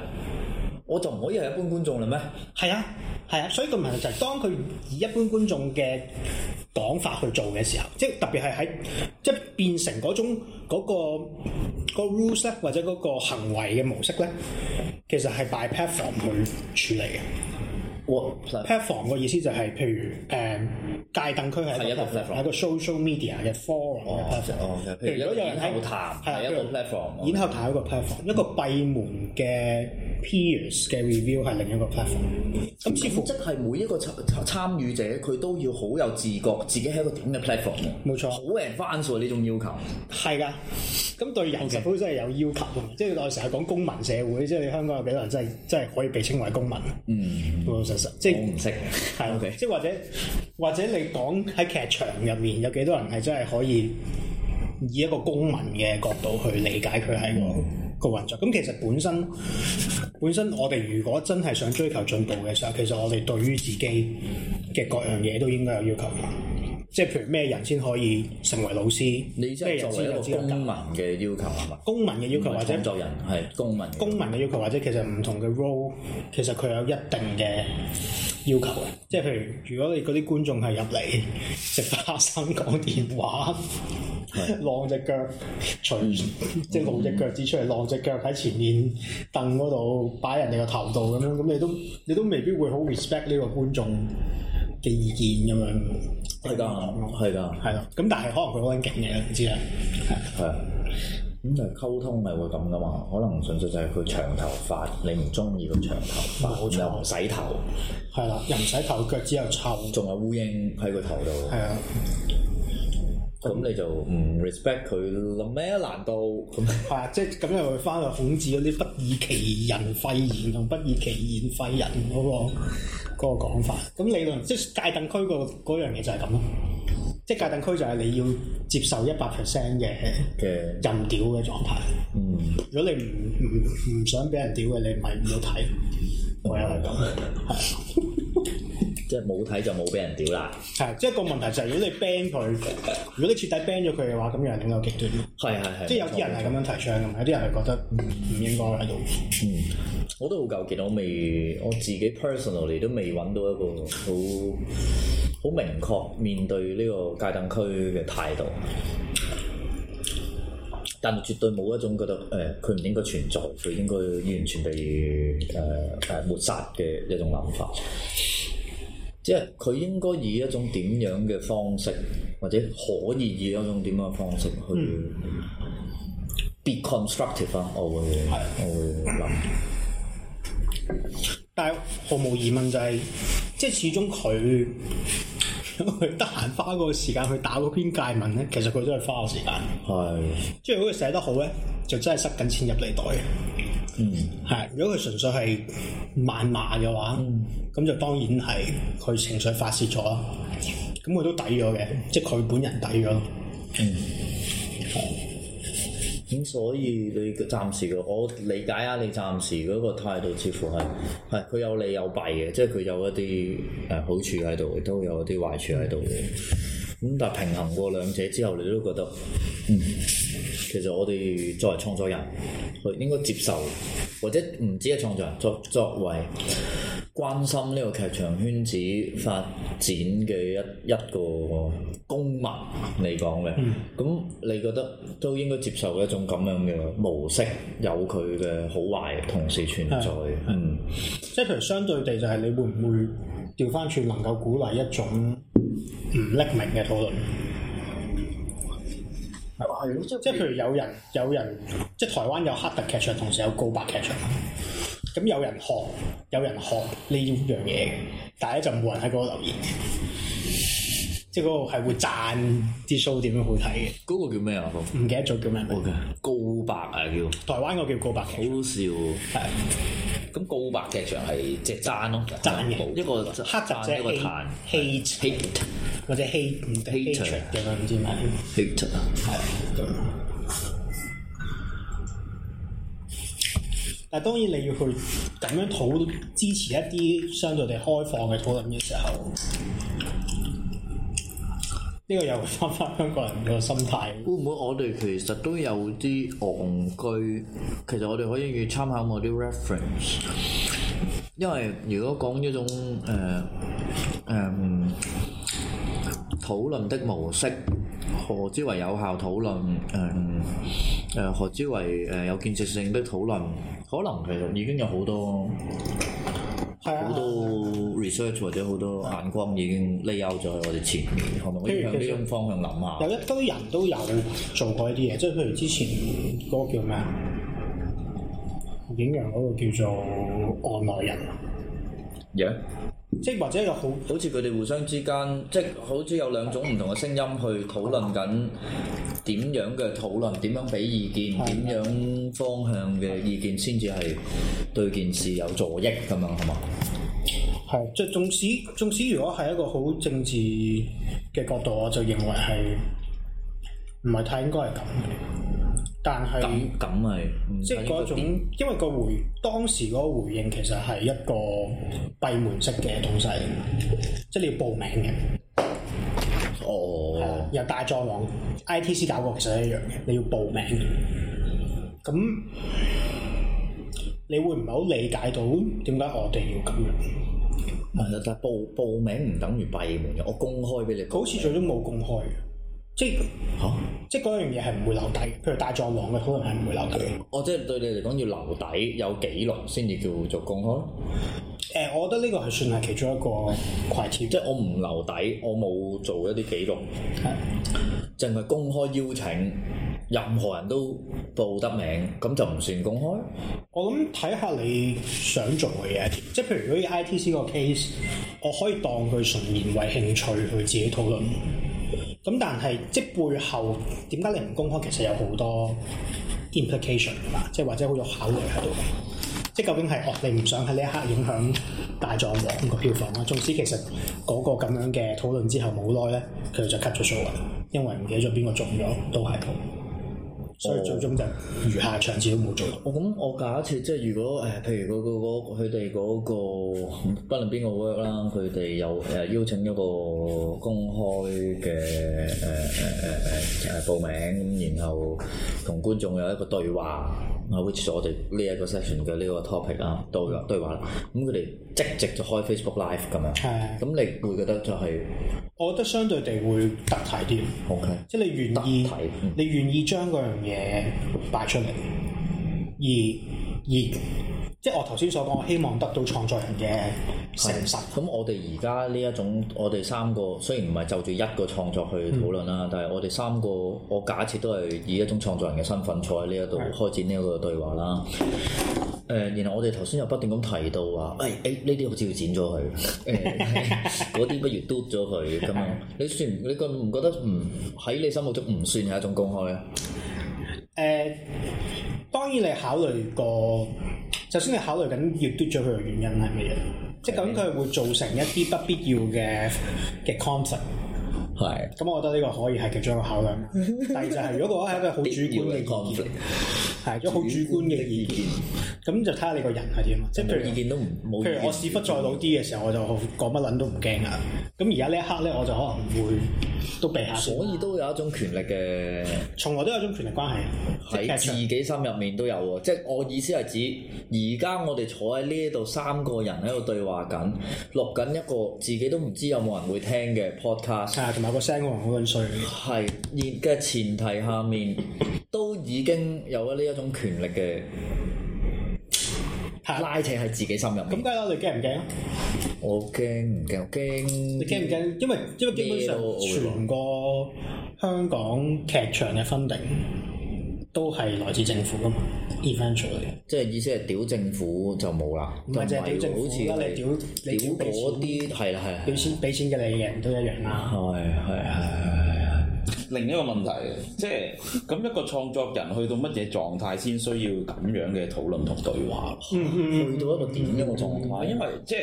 我就唔可以係一般觀眾嘞咩？係啊，係啊。所以個問題就係、是，當佢以一般觀眾嘅講法去做嘅時候，即係特別係喺即係變成嗰種嗰、嗰個、嗰個 rules 咧，或者嗰個行為嘅模式咧，其實係 by platform 去處理嘅。What platform 嘅意思就係，譬如誒界凳區係一個，係一個 social media 嘅 forum 嘅 platform。譬如如果有人喺舞台係一個 platform，然後後台一個 platform，一個閉門嘅 peers 嘅 review 係另一個 platform。咁似乎即係每一個參參與者，佢都要好有自覺，自己喺一個點嘅 platform。冇錯，好 advanced 呢種要求。係㗎，咁對人實都真係有要求，即係你成日講公民社會，即係你香港有幾多人真係真係可以被稱為公民？嗯。即係我唔識，係嘅，OK。即係或者或者你講喺劇場入面有幾多人係真係可以以一個公民嘅角度去理解佢喺個個運作？咁 (noise) 其實本身本身我哋如果真係想追求進步嘅時候，其實我哋對於自己嘅各樣嘢都應該有要求。即係譬如咩人先可以成為老師？咩作真為一個公民嘅要求係嘛？公民嘅要求或者作人係公民。公民嘅要求或者其實唔同嘅 role、嗯、其實佢有一定嘅要求嘅。嗯、即係譬如，如果你嗰啲觀眾係入嚟食花生、講電話、晾隻、嗯、 (laughs) 腳，除、嗯、即係露隻腳趾出嚟，晾隻腳喺前面凳嗰度擺人哋個頭度咁樣，咁你都，你都，你，都你都未必會好 respect 呢個觀眾。嘅意見咁樣，係㗎，係㗎，係咯。咁但係可能佢好撚勁嘅，唔知啊。係啊的，咁就 (laughs) 溝通咪會咁噶嘛？可能純粹就係佢長頭髮，嗯、你唔中意佢長頭髮，又唔洗頭，係啦，又唔洗頭，腳趾又臭，仲有烏蠅喺個頭度。係啊。咁你就唔 respect 佢咯？咩啊？難度？道咁？係啊，即係咁又會翻去孔子嗰啲不以其人廢言同不以其言廢人嗰個嗰個講法。咁理論，即係界定區嗰樣嘢就係咁咯。即係界定區就係你要接受一百 percent 嘅嘅任屌嘅狀態。的嗯，如果你唔唔唔想俾人屌嘅，你咪唔好睇。我有係咁。 (laughs) (laughs) 即係冇睇就冇俾人屌啦。係，即係個問題就係如果你 ban 佢，如果你徹底 ban 咗佢嘅話，咁又係另有極端。係係係，即係有啲人係咁樣提倡嘅錯，有啲人係覺得唔應該喺度。嗯，我都好糾結，我未，我自己 personally 都未揾到一個好好明確面對呢個戒禁區嘅態度。但係絕對冇一種覺得誒，佢、欸、唔應該存在，佢應該完全被誒誒、呃呃、抹殺嘅一種諗法。即係佢應該以一種點樣嘅方式，或者可以以一種點樣嘅方式去 be constructive 啊、嗯，我會的我會諗。但係毫無疑問就係、是，即係始終佢佢得閒花嗰個時間去打嗰篇界文咧，其實佢都係花個時間。係的。即係如果佢寫得好咧，就真係塞緊錢入你袋。嗯，係，如果佢純粹係謾罵嘅話，咁、嗯、就當然係佢情緒發泄咗，咁佢都抵咗嘅，即係佢本人抵咗。嗯，咁、嗯、所以你暫時嘅我理解啊，你暫時嗰個態度似乎係係佢有利有弊嘅，即係佢有一啲誒好處喺度，亦都有一啲壞處喺度嘅。咁、嗯、但係平衡過兩者之後，你都覺得嗯。其實我哋作為創作人，佢應該接受，或者唔止係創作人作作為關心呢個劇場圈子發展嘅一一個公民嚟講嘅。咁、嗯、你覺得都應該接受一種咁樣嘅模式，有佢嘅好壞同時存在。嗯，即係譬如相對地，就係你會唔會調翻轉能夠鼓勵一種唔匿名嘅討論？係咯，即係譬如有人有人，即係台灣有黑特劇場，同時有告白劇場。咁有人學，有人學呢樣嘢嘅，但係咧就冇人喺嗰度留言，即係嗰個係會讚啲 show 點樣好睇嘅。嗰個叫咩啊？唔記得咗叫咩名。告、okay, 告白啊叫。台灣個叫告白劇場。好笑啊。係。咁告白劇場係即係爭咯、啊，爭嘅的一個爭黑爭一個彈，hate 或者 hate 唔知點解唔知咩 hate，係。H ater, 但係當然你要去咁樣討支持一啲相對地開放嘅討論嘅時候。呢個又翻翻香港人個心態。會唔會我哋其實都有啲戇居？其實我哋可以參考我啲 reference，因為如果講一種誒誒討論的模式，何之為有效討論？誒、嗯、誒何之為誒有建設性的討論？可能其實已經有好多。好多 research 或者好多眼光已經 lay out 咗喺我哋前面，嗯、可能可以向雙方向諗下？有一堆人都有做過呢啲嘢，即係譬如之前嗰個叫咩啊？影陽嗰個叫做案內人。y、yeah. e 即或者有好，好似佢哋互相之間，即好似有兩種唔同嘅聲音去討論緊，點樣嘅討論，點樣俾意見，點樣方向嘅意見先至係對件事有助益咁樣，係嘛？係，即縱使縱使如果係一個好政治嘅角度，我就認為係唔係太應該係咁。但係，咁咁咪即係嗰種，因為個回當時嗰個回應其實係一個閉門式嘅東西， (laughs) 即係你要報名嘅。哦，由大眾網 ITC 搞過，其實一樣嘅，你要報名。咁你會唔係好理解到點解我哋要咁樣？係啦、嗯、但係報報名唔等於閉門嘅，我公開俾你。好似最都冇公開嘅。即係吓，啊、即係嗰樣嘢係唔會留底，譬如大狀王嘅，可能係唔會留底。我即係對你嚟講，要留底有記錄先至叫做公開。誒，我覺得呢個係算係其中一個快捷，即係我唔留底，我冇做一啲記錄，係淨係公開邀請任何人都報得名，咁就唔算公開。我諗睇下你想做嘅嘢，即係譬如如果 ITC 個 case，我可以當佢純然為興趣去自己討論。咁但係即背後點解你唔公開？其實有好多 implication 啦，即或者好有考慮喺度。即究竟係，哦，你唔想喺呢一刻影響大狀王個票房啦。總之，其實嗰個咁樣嘅討論之後冇耐咧，佢就 cut 咗 show 啊，因為唔記得咗邊個中咗都係所以最終就餘下場次都冇做。 (noise) 我咁我假設即係如果誒、哎，譬如佢哋嗰個、那個、不論邊個 work 啦，佢哋又誒邀請一個公開嘅誒誒誒誒誒報名，然後同觀眾有一個對話。啊 w h i 我哋呢一個 section 嘅呢個 topic 啊，都話對話，咁佢哋即直就開 Facebook Live 咁樣，咁的你會覺得就係、是，我覺得相對地會凸體啲，okay，即係你願意，睇，嗯、你願意將嗰樣嘢擺出嚟，而而。即係我頭先所講，我希望得到創作人嘅誠實。咁我哋而家呢一種，我哋三個雖然唔係就住一個創作去討論啦，嗯、但係我哋三個，我假設都係以一種創作人嘅身份坐喺呢一度開展呢一個對話啦。誒、呃，然後我哋頭先又不斷咁提到話，誒、哎、誒，呢啲好似要剪咗佢，誒，嗰、哎、啲、 (laughs) 哎、不如嘟咗佢咁樣。你算你覺唔覺得唔喺你心目中唔算係一種公開？誒，uh, 當然你考慮過，首先你考慮緊要嘟 u 佢嘅原因係乜嘢，即係究竟佢會造成一啲不必要嘅嘅 concept。係，咁我覺得呢個可以係其中一個考量。第二就係，如果個話係一個好主觀嘅意見，係一個好主觀嘅意見，咁就睇下你個人係點啊！即係譬如意見都唔冇，譬如我試不再老啲嘅時候，我就講乜撚都唔驚啦。咁而家呢一刻咧，我就可能會都避下。所以都有一種權力嘅，從來都有一種權力關係喺自己心入面都有喎。即係我意思係指，而家我哋坐喺呢度三個人喺度對話緊，錄緊一個自己都唔知有冇人會聽嘅 podcast。有個聲喎，好隸碎嘅。係，而嘅前提下面，都已經有咗呢一種權力嘅，係的拉扯喺自己心入面。咁梗啦，你驚唔驚啊？我驚唔驚？我驚。你驚唔驚？因為因為基本上全個香港劇場嘅 funding，都係來自政府噶嘛？eventually，即係意思係屌政府就冇啦，唔係就係屌政府，而你屌屌嗰啲係啦係。俾錢俾錢嘅嚟人都一樣啦。係係係係。另一個問題，即係咁一個創作人去到乜嘢狀態先需要咁樣嘅討論同對話？去到一個點樣嘅狀態，因為即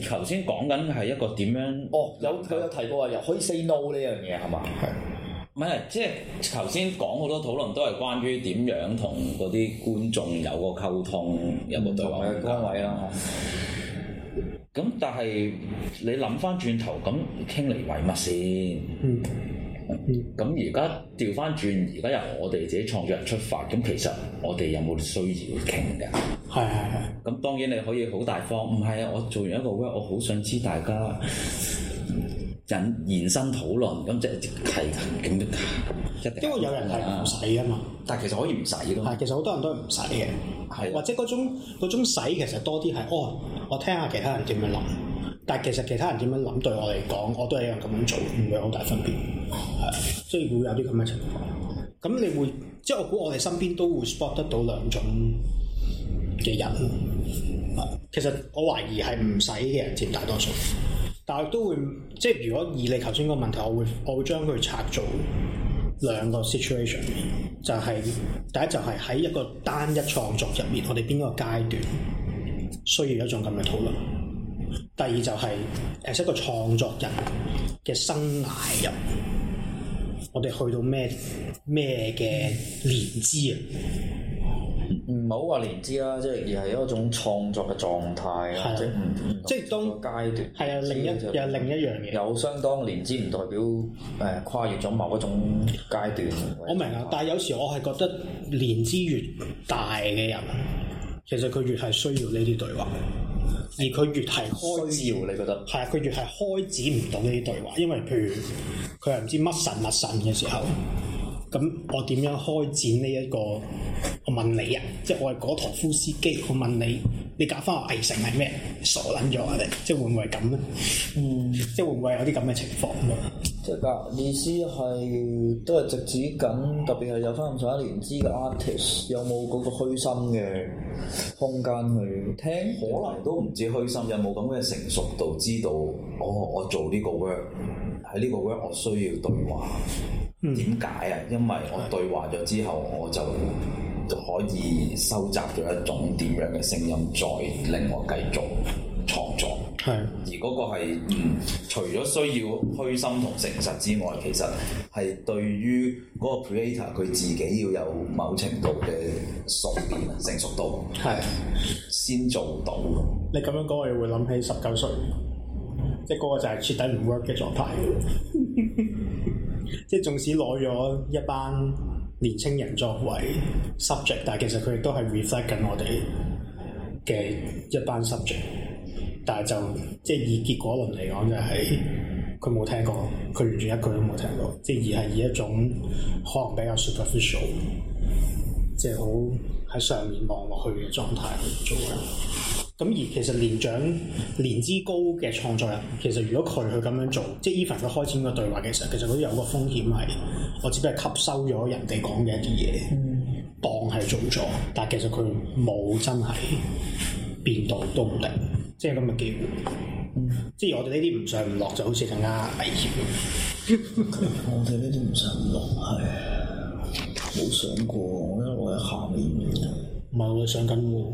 係頭先講緊係一個點樣？哦，有佢有提過話，又可以 say no 呢樣嘢係嘛？係。唔係，即係頭先講好多討論都係關於點樣同嗰啲觀眾有個溝通有冇對話嘅崗位啦。咁但係你諗翻轉頭，咁傾嚟為乜先？嗯。咁而家調翻轉，而家、嗯嗯、由我哋自己創作人出發，咁其實我哋有冇需要傾嘅？係係係。咁、哎哎、當然你可以好大方，唔係啊！我做完一個 work，我好想知大家。引延伸討論，咁即係環境一定的，因為有人係唔使啊嘛。但係其實可以唔使咯。係，其實好多人都係唔使嘅，係或者嗰種嗰種使其實多啲係，哦，我聽下其他人點樣諗。但係其實其他人點樣諗對我嚟講，我都係一樣咁樣做，唔會好大分別。係，所以會有啲咁嘅情況。咁你會，即係我估我哋身邊都會 spot 得到兩種嘅人。其實我懷疑係唔使嘅人佔大多數。但係都會，即係如果以你頭先個問題，我會我會將佢拆做兩個 situation，就係第一就係喺一個單一創作入面，我哋邊個階段需要一種咁嘅討論；第二就係誒一個創作人嘅生涯入面，我哋去到咩咩嘅年資啊？唔好話年資啦，即係而係一種創作嘅狀態啊，的即係唔即係當階段係啊，另一又係另一樣嘢，有相當年資唔代表誒跨越咗某一種階段。我明啊，但係有時我係覺得年資越大嘅人，其實佢越係需要呢啲對話，而佢越係需要開你覺得係啊，佢越係開始唔到呢啲對話，因為譬如佢唔知乜神乜神嘅時候。咁我點樣開展呢、這、一個？我問你啊，即係我係果陀夫斯基，我問你，你揀翻個藝術係咩？傻撚樣啊！即係會唔會咁咧，嗯，即係會唔會有啲咁嘅情況咯。即係噉，意思係都係直指緊，特別係有翻咁上下年資嘅 artist，有冇嗰個虛心嘅空間去聽？可能都唔止虛心，有冇咁嘅成熟度知道？哦，我做呢個 work 喺呢個 work，我需要對話。點解啊？因為我對話咗之後，是的 我就可以收集到一種點樣嘅聲音，再令我繼續創作。係是的，而嗰個係除咗需要虛心同誠實之外，其實係對於嗰個 creator 佢自己要有某程度嘅熟練，成熟度，係先做到。你咁樣講，我哋會諗起十九歲，即係嗰個就係徹底唔 work 嘅狀態。 (laughs) 即係縱使攞咗一班年青人作為 subject，但係其實佢哋都係 reflect 緊我哋嘅一班 subject。但係就即係以結果論嚟講，就係佢冇聽過，佢完全一句都冇聽過。即係而係以一種可能比較 superficial，即係好喺上面望落去嘅狀態去做嘅。咁而其實年長年資高嘅創作人，其實如果佢去咁樣做，即係 even 佢開始一個對話嘅時候，其實佢都有個風險係，我只不過係吸收咗人哋講嘅一啲嘢，嗯、當係做咗，但係其實佢冇真係變到都唔定，即係咁嘅機會。嗯，即係我哋呢啲唔上唔落，就好似更加危險。 (laughs) (laughs) 我哋呢啲唔上唔落，係冇想過，因為我係下面。唔係我哋上緊喎，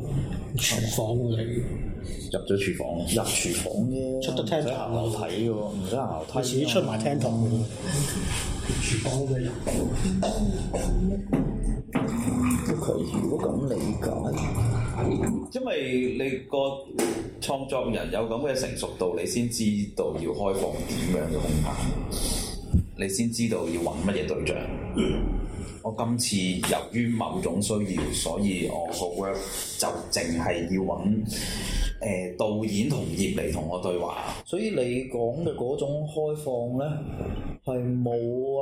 廚房喎，你入咗廚房。 (laughs) 入廚房啫，出得廳堂睇喎，唔使行樓梯，你出埋廳堂嘅。入房佢如果咁理解，因為你個創作人有咁嘅成熟度，你先知道要開放點樣嘅空間，你先知道要揾乜嘢對象。嗯。我今次由於某種需要，所以我嘅 work 就淨係要揾誒、呃、導演同業嚟同我對話。所以你講嘅嗰種開放呢，係冇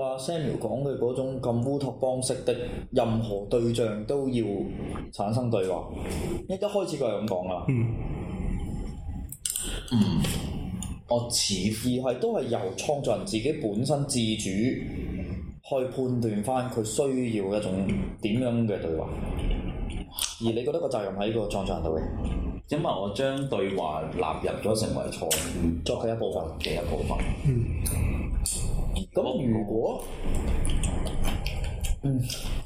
阿、啊、Samuel 講嘅嗰種咁烏托邦式的，任何對象都要產生對話。一開始佢係咁講啦。嗯。我似乎而係都係由創作人自己本身自主。去判斷翻佢需要一種點樣嘅對話，而你覺得個責任喺、呢個創作度嘅，因為我將對話納入咗成為創作，作係一部分嘅一部分。嗯，咁如果嗯，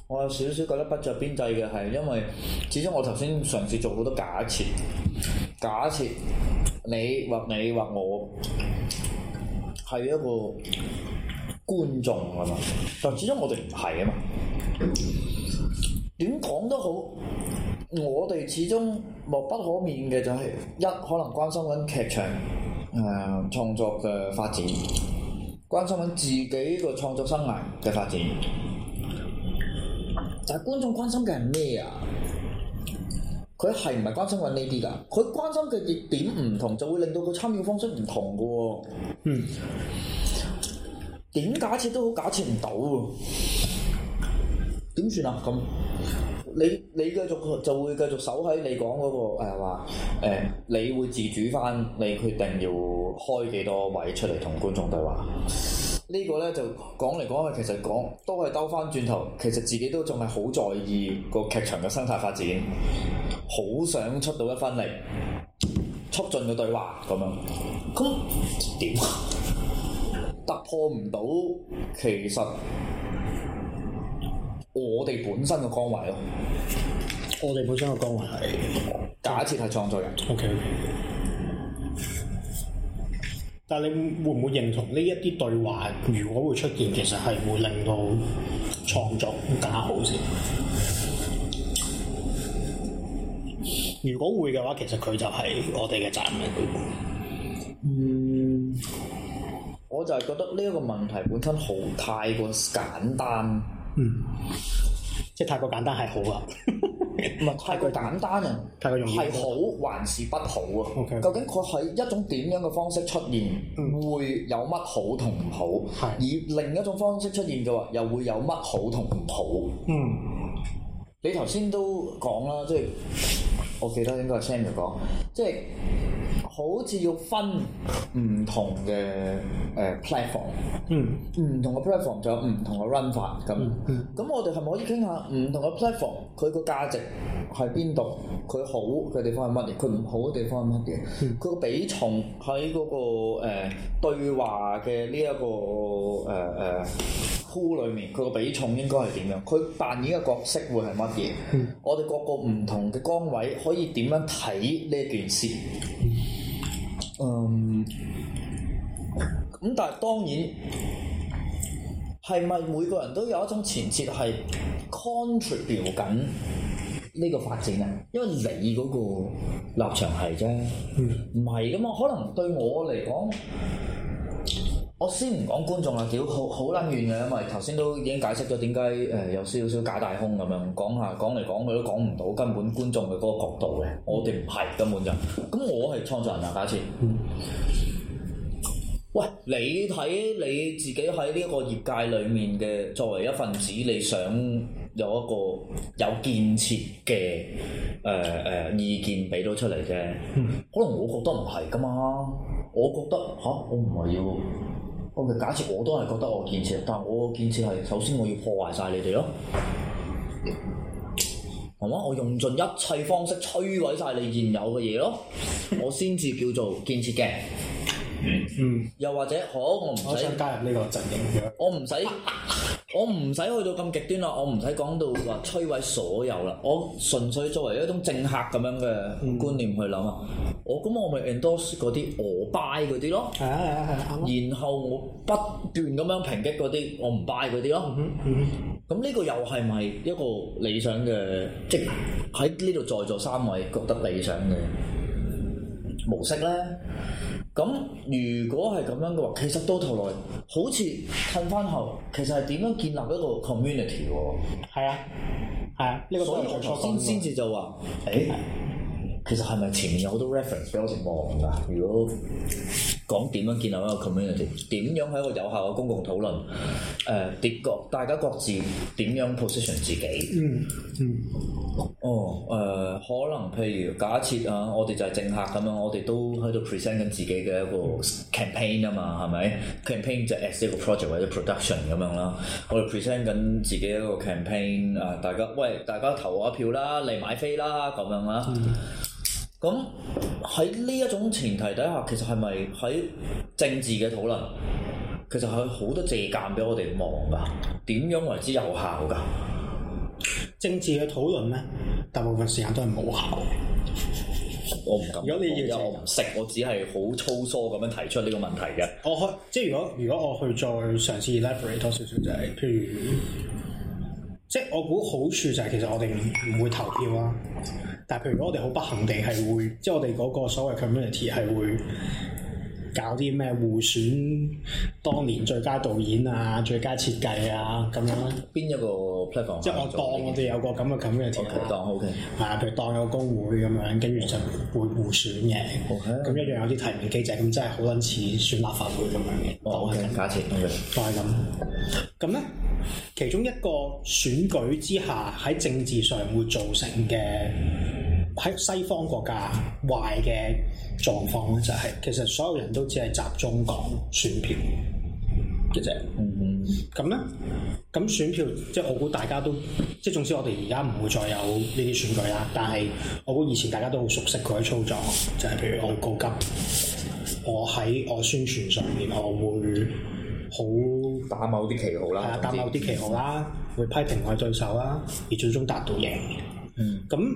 我有少少覺得不着邊際嘅係，因為始終我頭先嘗試做好多假設，假設你或你或我係一個。觀眾啊嘛，但始終我哋唔係啊嘛，點講都好，我哋始終冇不可免嘅就係、是、一可能關心緊劇場誒、呃、創作嘅發展，關心緊自己個創作生涯嘅發展。但係觀眾關心嘅係咩啊？佢係唔係關心緊呢啲噶？佢關心嘅熱點唔同，就會令到個參與方式唔同噶、哦。嗯。點假設都好假設唔到喎，點算啊？咁你你繼續就會繼續守喺你講嗰、嗰個誒話、欸、你會自主翻，你決定要開幾多位出嚟同觀眾對話？呢、呢個呢，就講嚟講去，其實講都係兜翻轉頭，其實自己都仲係好在意個劇場嘅生態發展，好想出到一分力，促進個對話咁樣。咁點？ (laughs) 突破唔到，其實我哋本身嘅崗位咯。我哋本身嘅崗位係假設係創作人。OK。但係你會唔會認同呢一啲對話？如果會出現，其實係會令到創作更加好先。如果會嘅話，其實佢就係我哋嘅責任嚟嘅。嗯。我就係覺得呢一個問題本身好太過簡單，嗯，即係太過簡單係好啊，唔 (laughs) 係不太過簡單啊，太過容易係好還是不好啊？Okay. 究竟佢係一種點樣嘅方式出現，嗯、會有乜好同唔好？係而另一種方式出現嘅話，又會有乜好同唔好？嗯，你頭先都講啦，即、就、係、是、我記得應該係 Samuel 嚟講，即、就、係、是。好似要分唔同嘅誒、呃、platform，嗯，唔同嘅 platform 就有唔同嘅 run 法咁。咁我哋係咪可以傾下唔同嘅 platform 佢個價值喺邊度？佢好嘅地方係乜嘢？佢唔好嘅地方係乜嘢？佢個、嗯、比重喺嗰、那個、呃、對話嘅呢一個誒誒庫裡面，佢個比重應該係點樣？佢扮演嘅角色會係乜嘢？嗯、我哋各個唔同嘅崗位可以點樣睇呢一件事？嗯嗯，咁但係當然係咪每個人都有一種前設，係 contribute 緊呢個發展啊？因為你嗰個立場係啫，唔係噶嘛，可能對我嚟講。我先唔講觀眾啊，屌，好好撚遠嘅，因為頭先都已經解釋咗點解誒有少少假大空。咁樣講下講嚟講去都講唔到根本觀眾嘅嗰個角度嘅，我哋唔係根本就咁，我係創作人啊，假設，喂，你睇你自己喺呢一個業界裡面嘅作為一份子，你想有一個有建設嘅誒誒意見俾到出嚟啫，可能我覺得唔係噶嘛？我覺得吓，我唔係要。Oh 我嘅、okay，假設我都係覺得我建設，但係我建設係首先我要破壞晒你哋咯，係嘛？我用盡一切方式摧毀晒你現有嘅嘢咯，我先至叫做建設嘅。嗯。 (laughs) 又或者，好，我唔使。我想加入呢個陣營。我唔使。 (laughs) 我唔使去到咁極端啦，我唔使講到話摧毀所有啦，我純粹作為一種政客咁樣嘅觀念去諗啊、嗯，我咁我咪 endorse 嗰啲我 buy 嗰啲咯，係啊係啊係，然後我不斷咁樣抨擊嗰啲我唔 buy 嗰啲咯，咁呢、嗯嗯、個又係咪一個理想嘅，即係喺呢度在座三位覺得理想嘅模式咧？咁如果係咁樣嘅話，其實到頭來好似褪翻後，其實係點樣建立一個 community 喎？係啊，係啊，呢、這個所以先先至就話，誒說。哎其實係咪前面有好多 reference 俾我哋望㗎？如果講點樣建立一個 community，點樣喺一個有效嘅公共討論？誒、呃，啲各大家各自點樣 position 自己？嗯，嗯哦，誒、呃，可能譬如假設啊，我哋就係政客咁樣，我哋都喺度 present 緊自己嘅一個 campaign 啊嘛，係咪？campaign 就 as 一個 project 或者 production 咁樣啦，我哋 present 緊自己一個 campaign 啊，大家喂，大家投我一票啦，嚟買飛啦，咁樣啦。嗯咁喺呢一種前提底下，其實係咪喺政治嘅討論？其實係好多借鑑俾我哋望噶，點樣為之有效噶？政治嘅討論咧，大部分時間都係冇效嘅。我唔敢。如果你要，我唔識，我只係好粗疏咁樣提出呢個問題嘅。我開即係如果如果我去再嘗試 elaborate 多少少，就係譬如。即係我估好處就係其實我哋唔會投票啦，但係譬如果我哋好不幸地係會，即係我哋嗰個所謂 community 係會搞啲咩互選，當年最佳導演啊、最佳設計啊咁樣。邊一個 platform？即係我當我哋有個咁嘅咁嘅 community。我當 OK。係啊，譬如當有個工會咁樣，跟住就會互選嘅。o Okay .咁一樣有啲提名機制，咁真係好撚似選立法會咁樣嘅。我假設都係咁。係咁。咁咧 Okay.？Okay. 其中一個選舉之下喺政治上會造成嘅喺西方國家壞嘅狀況咧，就係其實所有人都只係集中講選票嘅啫。嗯，咁咧，咁選票即係我估大家都即係，總之我哋而家唔會再有呢啲選舉啦，但係我估以前大家都好熟悉佢啲操作，就係、是、譬如我告急，我喺我宣傳上面我會好。打某啲旗號啦，係啊，打某啲旗號啦，會批評我哋對手啦，而最終達到贏。嗯，咁誒，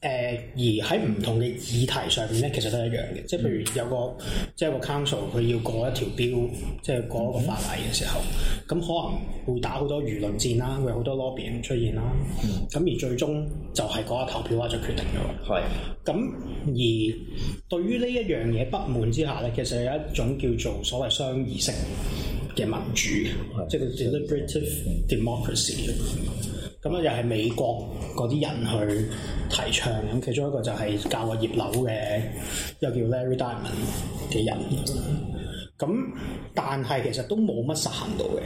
而喺唔同嘅議題上面咧，其實都一樣嘅，即係譬如有個即係個 Council 佢要過一條標，即係過一個法例嘅時候，咁可能會打好多輿論戰啦，會有好多 lobby 出現啦。咁而最終就係嗰個投票啊，就決定咗。係咁，而對於呢一樣嘢不滿之下咧，其實有一種叫做所謂雙意識嘅民主即係個 deliberative democracy 嘅，咁咧又係美國嗰啲人去提倡嘅。咁其中一個就係教過葉劉嘅，又叫 Larry Diamond 嘅人。咁但係其實都冇乜實行到嘅，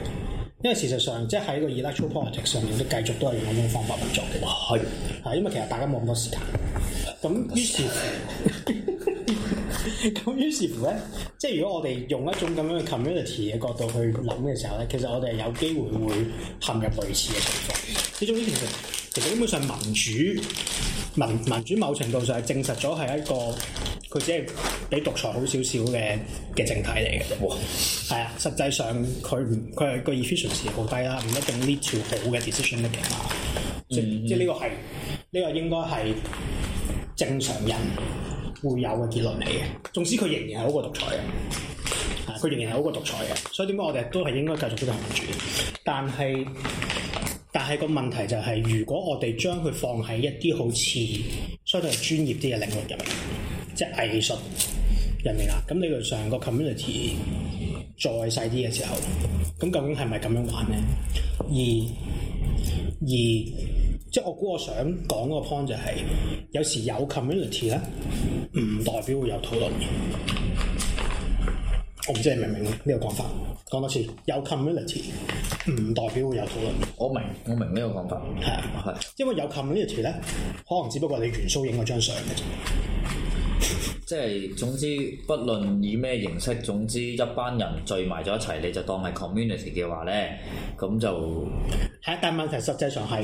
因為事實上即係喺個 electoral politics 上面都繼續都係用嗰種方法去做嘅。係的，係因為其實大家冇咁多時間，咁於是。 (laughs) 咁 (laughs) 於是乎咧，即係如果我哋用一種咁樣嘅 community 嘅角度去諗嘅時候咧，其實我哋係有機會會陷入類似嘅情況。呢種呢，其實其實基本上民主民民主某程度上係證實咗係一個佢只係比獨裁好少少嘅嘅政體嚟嘅。哇！係啊，實際上佢唔佢係個 efficiency 好低啦，唔一定 lead to 好嘅 decision 嘅。嗯，即係呢個係呢、呢個應該係正常人會有嘅結論嚟嘅，總之，佢仍然係好過獨裁嘅，啊，佢仍然係好過獨裁嘅，所以點解我哋都係應該繼續支持民主？但係，但係個問題就係、是，如果我哋將佢放喺一啲好似相對專業啲嘅領域入嚟，即係藝術人嚟啦，咁你論上個 community 再細啲嘅時候，咁究竟係咪咁樣玩咧？而而即係我估我想講個 point 就係、係，有時有 community 咧，唔代表會有討論。我唔知你明唔明呢個講法？講多次，有 community 唔代表會有討論。我明，我明呢個講法。係啊，啊因為有 community 咧，可能只不過你元素影咗張相嘅啫。即係總之，不論以咩形式，總之一班人聚埋咗一齊，你就當係 community 嘅話咧，咁就係。但問題實際上係。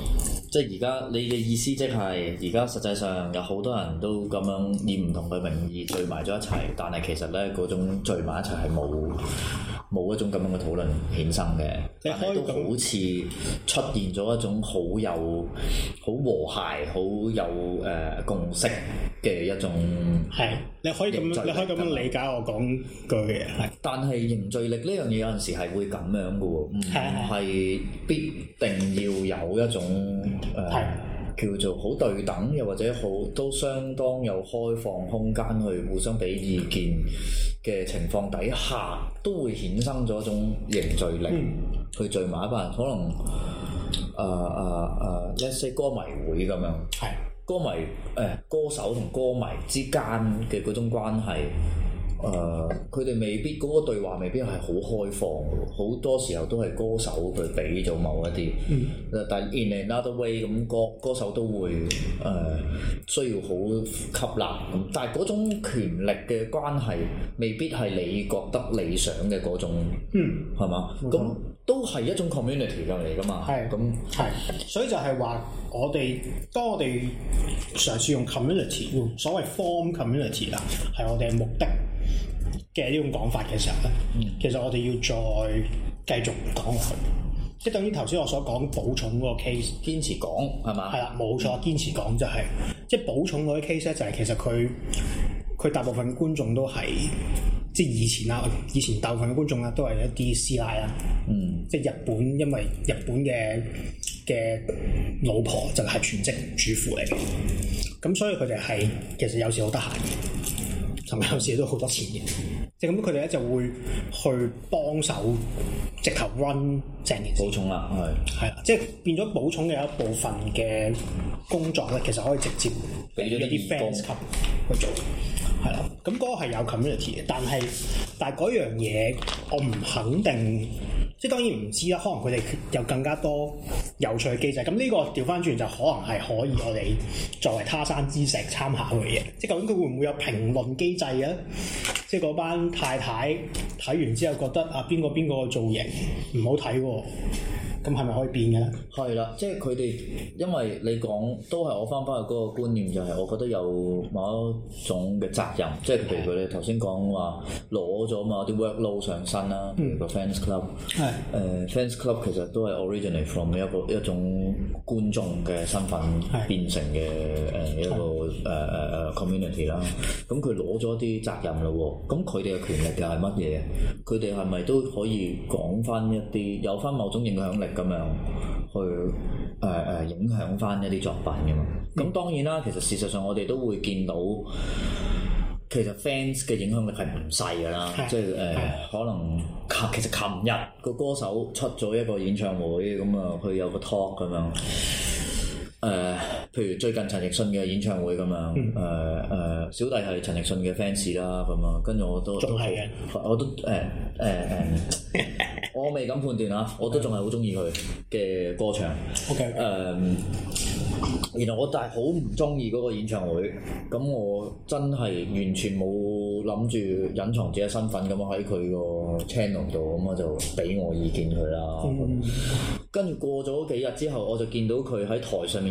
即係而家，你嘅意思即係而家實際上有好多人都咁樣以唔同嘅名義聚埋咗一齊，但係其實咧嗰種聚埋一齊係冇冇一種咁樣嘅討論衍生嘅，你可以但係都好似出現咗一種好有好和諧、好有誒、呃、共識嘅一種。係，你可以咁，你可以咁樣理解我講句嘅。係，但係凝聚力呢樣嘢有陣時係會咁樣嘅喎，唔係必定要有一種。誒、uh, 叫做好對等，又或者好都相當有開放空間去互相俾意見嘅情況底下，都會衍生咗一種凝聚力，嗯、去聚埋一班可能誒誒誒一些歌迷會咁樣。係是的 歌迷誒、uh, 歌手同歌迷之間嘅嗰種關係。誒，佢哋、uh, 未必嗰、那個對話未必係好開放，好多時候都係歌手去俾咗某一啲。嗯。但 in another way 咁，歌歌手都會誒、呃、需要好吸納咁。但係嗰種權力嘅關係，未必係你覺得理想嘅嗰種。嗯。係嘛吧？咁、嗯、都係一種 community 嚟㗎嘛。係、嗯。咁係那。所以就係話，我哋當我哋嘗試用 community，所謂 form community 啦，係我哋嘅目的。嘅呢種講法嘅時候咧，嗯、其實我哋要再繼續講落去，即係等於頭先我所講補重嗰個 case，堅持講係嘛？係啦，冇錯，嗯、堅持講就係，即係補重嗰啲 case 咧，就係其實佢佢大部分觀眾都係即係以前啦，以前大部分嘅觀眾咧都係一啲師奶啦，嗯，即係日本因為日本嘅嘅老婆就係全職主婦嚟嘅，咁所以佢哋係其實有時好得閒嘅。咁有時都好多錢嘅，即係咁，佢哋咧就會去幫手直頭 run 整嘢，補充啦，係係啦，即係變咗補充嘅有一部分嘅工作咧，嗯、其實可以直接俾咗啲 fans 級去做，係啦，咁嗰、嗰個係有 community 嘅，但係但係嗰樣嘢我唔肯定。即係當然唔知啦，可能佢哋有更加多有趣嘅機制。咁、這、呢個調翻轉就可能係可以我哋作為他山之石參考嘅嘢。即係究竟佢會唔會有評論機制呢？即係嗰班太太睇完之後覺得啊，邊個邊個嘅造型唔好睇喎。咁係咪可以變嘅？係啦，即係佢哋，因為你講都係我翻翻去個觀念，就係我覺得有某一種嘅責任。即係譬如佢哋頭先講話，攞咗嘛，啲 work load 上身啦，譬、嗯、如個 fans club，誒的、uh, fans club 其實都係 originally from 一個一種觀眾嘅身份變成嘅誒一個誒誒誒 community 啦。咁佢攞咗啲責任嘞喎，咁佢哋嘅權力又係乜嘢？佢哋係咪都可以講翻一啲有翻某種影響力？咁樣去誒誒、呃、影響翻一啲作品㗎嘛？咁當然啦，其實事實上我哋都會見到，其實 fans 嘅影響力係唔細㗎啦。 (laughs) 即係誒、呃，可能琴其實琴日個歌手出咗一個演唱會，咁啊，佢有個 talk 咁樣。誒、呃、譬如最近陳奕迅嘅演唱會咁樣，誒誒、嗯呃、小弟係陳奕迅嘅 fans 啦，咁啊，跟住我都仲係嘅，我都誒誒誒我未敢判斷啊，我都仲係好中意佢嘅歌唱。OK，誒 okay.、嗯，原來我但係好唔中意個演唱會，咁我真係完全冇諗住隱藏自己身份咁啊，喺佢個 channel 度，咁我，我就俾我意見佢啦。跟住、嗯嗯、過咗幾日之後我就見到佢喺台上面。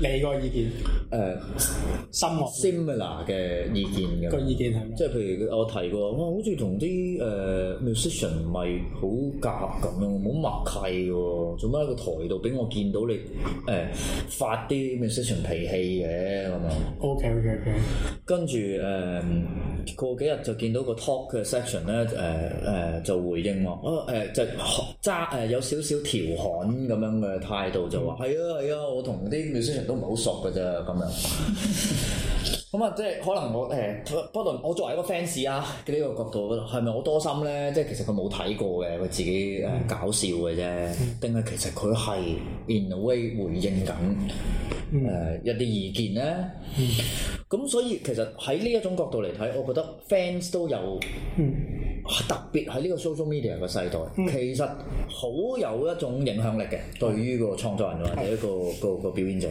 你個意見？誒，similar 嘅意見嘅。個意見係咩？即係譬如我提過，哇、哦，好似同啲 musician 唔係好夾咁樣，冇默契嘅喎。做乜喺個台度俾我見到你誒、呃、發啲 musician 脾氣嘅咁啊？OK OK OK, okay. 跟。跟住誒過幾日就見到個 talk 嘅 section 咧誒誒就回應喎，啊、呃、就揸、是、誒、呃、有少少調侃咁樣嘅態度就話係啊係啊，我同啲 musician 都唔係好熟噶啫，咁樣。 (laughs) 咁啊，嗯嗯、即係可能我誒、欸，不論我作為一個 fans 啊嘅呢個角度，係咪好多心咧？即係其實佢冇睇過嘅，佢自己誒、呃、搞笑嘅啫，定係、嗯、其實佢係 in a way 回應緊誒、呃、一啲意見咧？咁、嗯、所以其實喺呢一種角度嚟睇，我覺得 fans 都有、嗯、特別喺呢個 social media 嘅世代，嗯、其實好有一種影響力嘅，對於個創作人或者、一個個個表演者。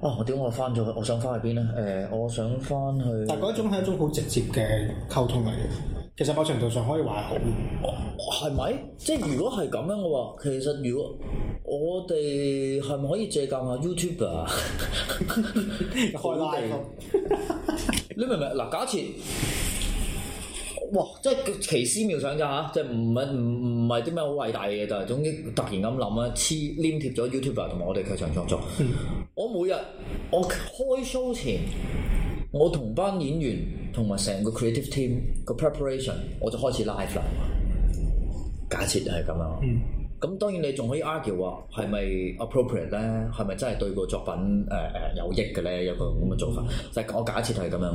哦，啊、我點我翻咗去？我想翻去邊咧？誒、呃，我想翻去。但嗰一種係一種好直接嘅溝通嚟嘅。其實某程度上可以話係好。係咪、啊？即係如果係咁樣嘅話，其實如果我哋係咪可以借鑒下 YouTuber 啊？開 live 你明唔明？嗱，假設。哇！即係奇思妙想啫嚇，即係唔係唔唔係啲咩好偉大嘅嘢，就係總之突然咁諗啊，黐黏貼咗 YouTube 同埋我哋劇場創作。嗯、我每日我開 show 前，我同班演員同埋成個 creative team 個 preparation，我就開始 live 啦。假設係咁樣，咁、嗯、當然你仲可以 argue、er, 話係咪 appropriate 咧？係咪真係對個作品誒誒、呃、有益嘅咧？一個咁嘅做法，就係、嗯、我假設係咁樣。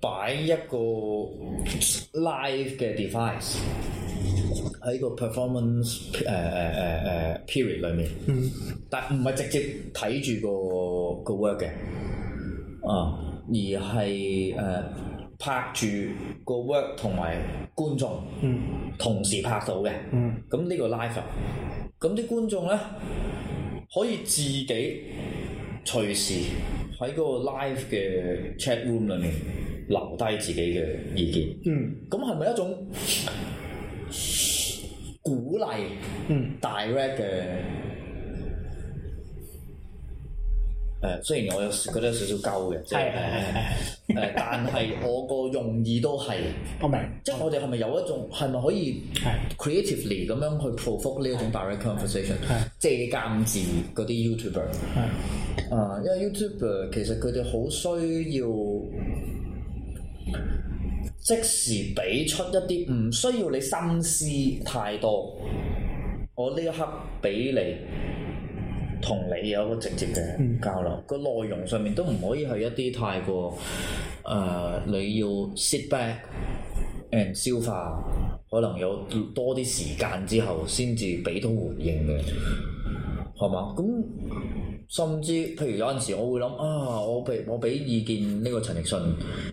擺一個 live 嘅 device 喺個 performance 誒誒誒誒 period 裏面，但唔係直接睇住個個 work 嘅，啊，而係誒拍住個 work 同埋觀眾，同時拍到嘅，咁呢個 live，咁啲觀眾咧可以自己隨時喺嗰個 live 嘅 chat room 裏面，留低自己嘅意見，嗯，咁係咪一種鼓勵？嗯，direct 嘅，誒，uh, 雖然我有覺得有少少鳩嘅，係係係，但係我個用意都係， (laughs) 我明，即係我哋係咪有一種係咪 (laughs) 可以 creatively 咁樣去 provoke 呢一種 direct conversation，借鑑自嗰啲 youtuber，啊，因為 youtuber 其實佢哋好需要。即時俾出一啲唔需要你心思太多，我呢一刻俾你同你有一個直接嘅交流，個內、嗯、容上面都唔可以係一啲太過誒、呃，你要 sit back and 消化，可能有多啲時間之後先至俾到回應嘅，係嘛？咁。甚至，譬如有陣時，我會諗啊，我俾我俾意見呢、呢個陳奕迅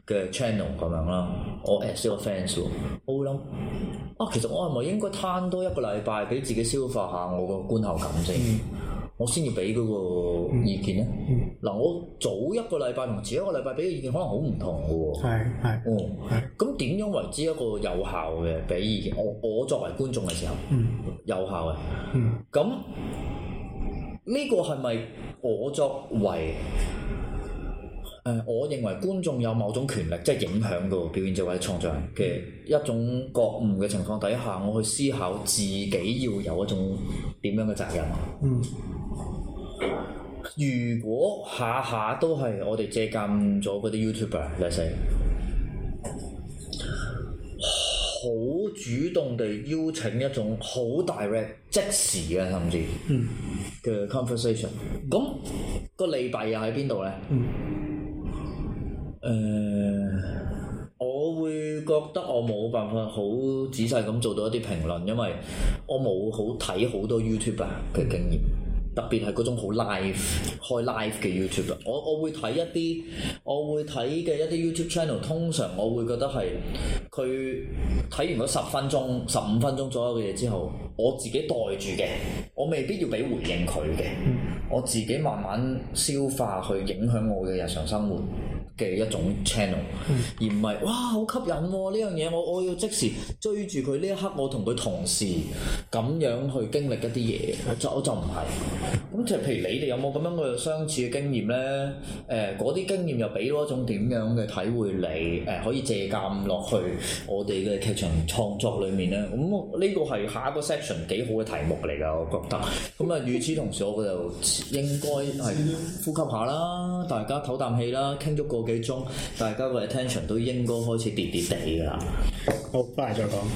嘅 channel 咁樣啦，我 at 啲個 fans，我會諗啊，其實我係咪應該攤多一個禮拜俾自己消化下我個觀後感先，嗯、我先要俾嗰個意見咧？嗱、嗯嗯啊，我早一個禮拜同遲一個禮拜俾嘅意見可能好唔同嘅喎。係係，哦，咁點、嗯、是樣為之一個有效嘅俾意見？我我作為觀眾嘅時候，有效嘅，咁、嗯。嗯嗯呢個係咪我作為、呃、我認為觀眾有某種權力，即係影響到表演者或者創作人嘅一種覺悟嘅情況底下，我去思考自己要有一種點樣嘅責任？嗯，如果下下都係我哋借鑑咗嗰啲 YouTuber 嚟寫？好主動地邀請一種好 direct 即時嘅甚至嘅 conversation，咁個利弊、嗯、又喺邊度呢？誒、嗯呃，我會覺得我冇辦法好仔細咁做到一啲評論，因為我冇好睇好多 YouTube 嘅經驗。特別係嗰種好 live 開 live 嘅 YouTube 我我會睇一啲，我會睇嘅一啲 YouTube channel，通常我會覺得係佢睇完咗十分鐘、十五分鐘左右嘅嘢之後，我自己袋住嘅，我未必要俾回應佢嘅，我自己慢慢消化去影響我嘅日常生活嘅一種 channel，而唔係哇好吸引呢、啊、樣嘢，我我要即時追住佢呢一刻，我同佢同事咁樣去經歷一啲嘢，就我就唔係。咁即係譬如你哋有冇咁樣嘅相似嘅經驗咧？誒嗰啲經驗又俾到一種點樣嘅體會你誒、呃、可以借鑑落去我哋嘅劇場創作裡面咧？咁呢個係下一個 section 幾好嘅題目嚟㗎，我覺得。咁啊，與此同時，我就應該係呼吸下啦，大家唞啖氣啦，傾咗個幾鐘，大家個 attention 都應該開始跌跌地噶啦。好，翻嚟再講。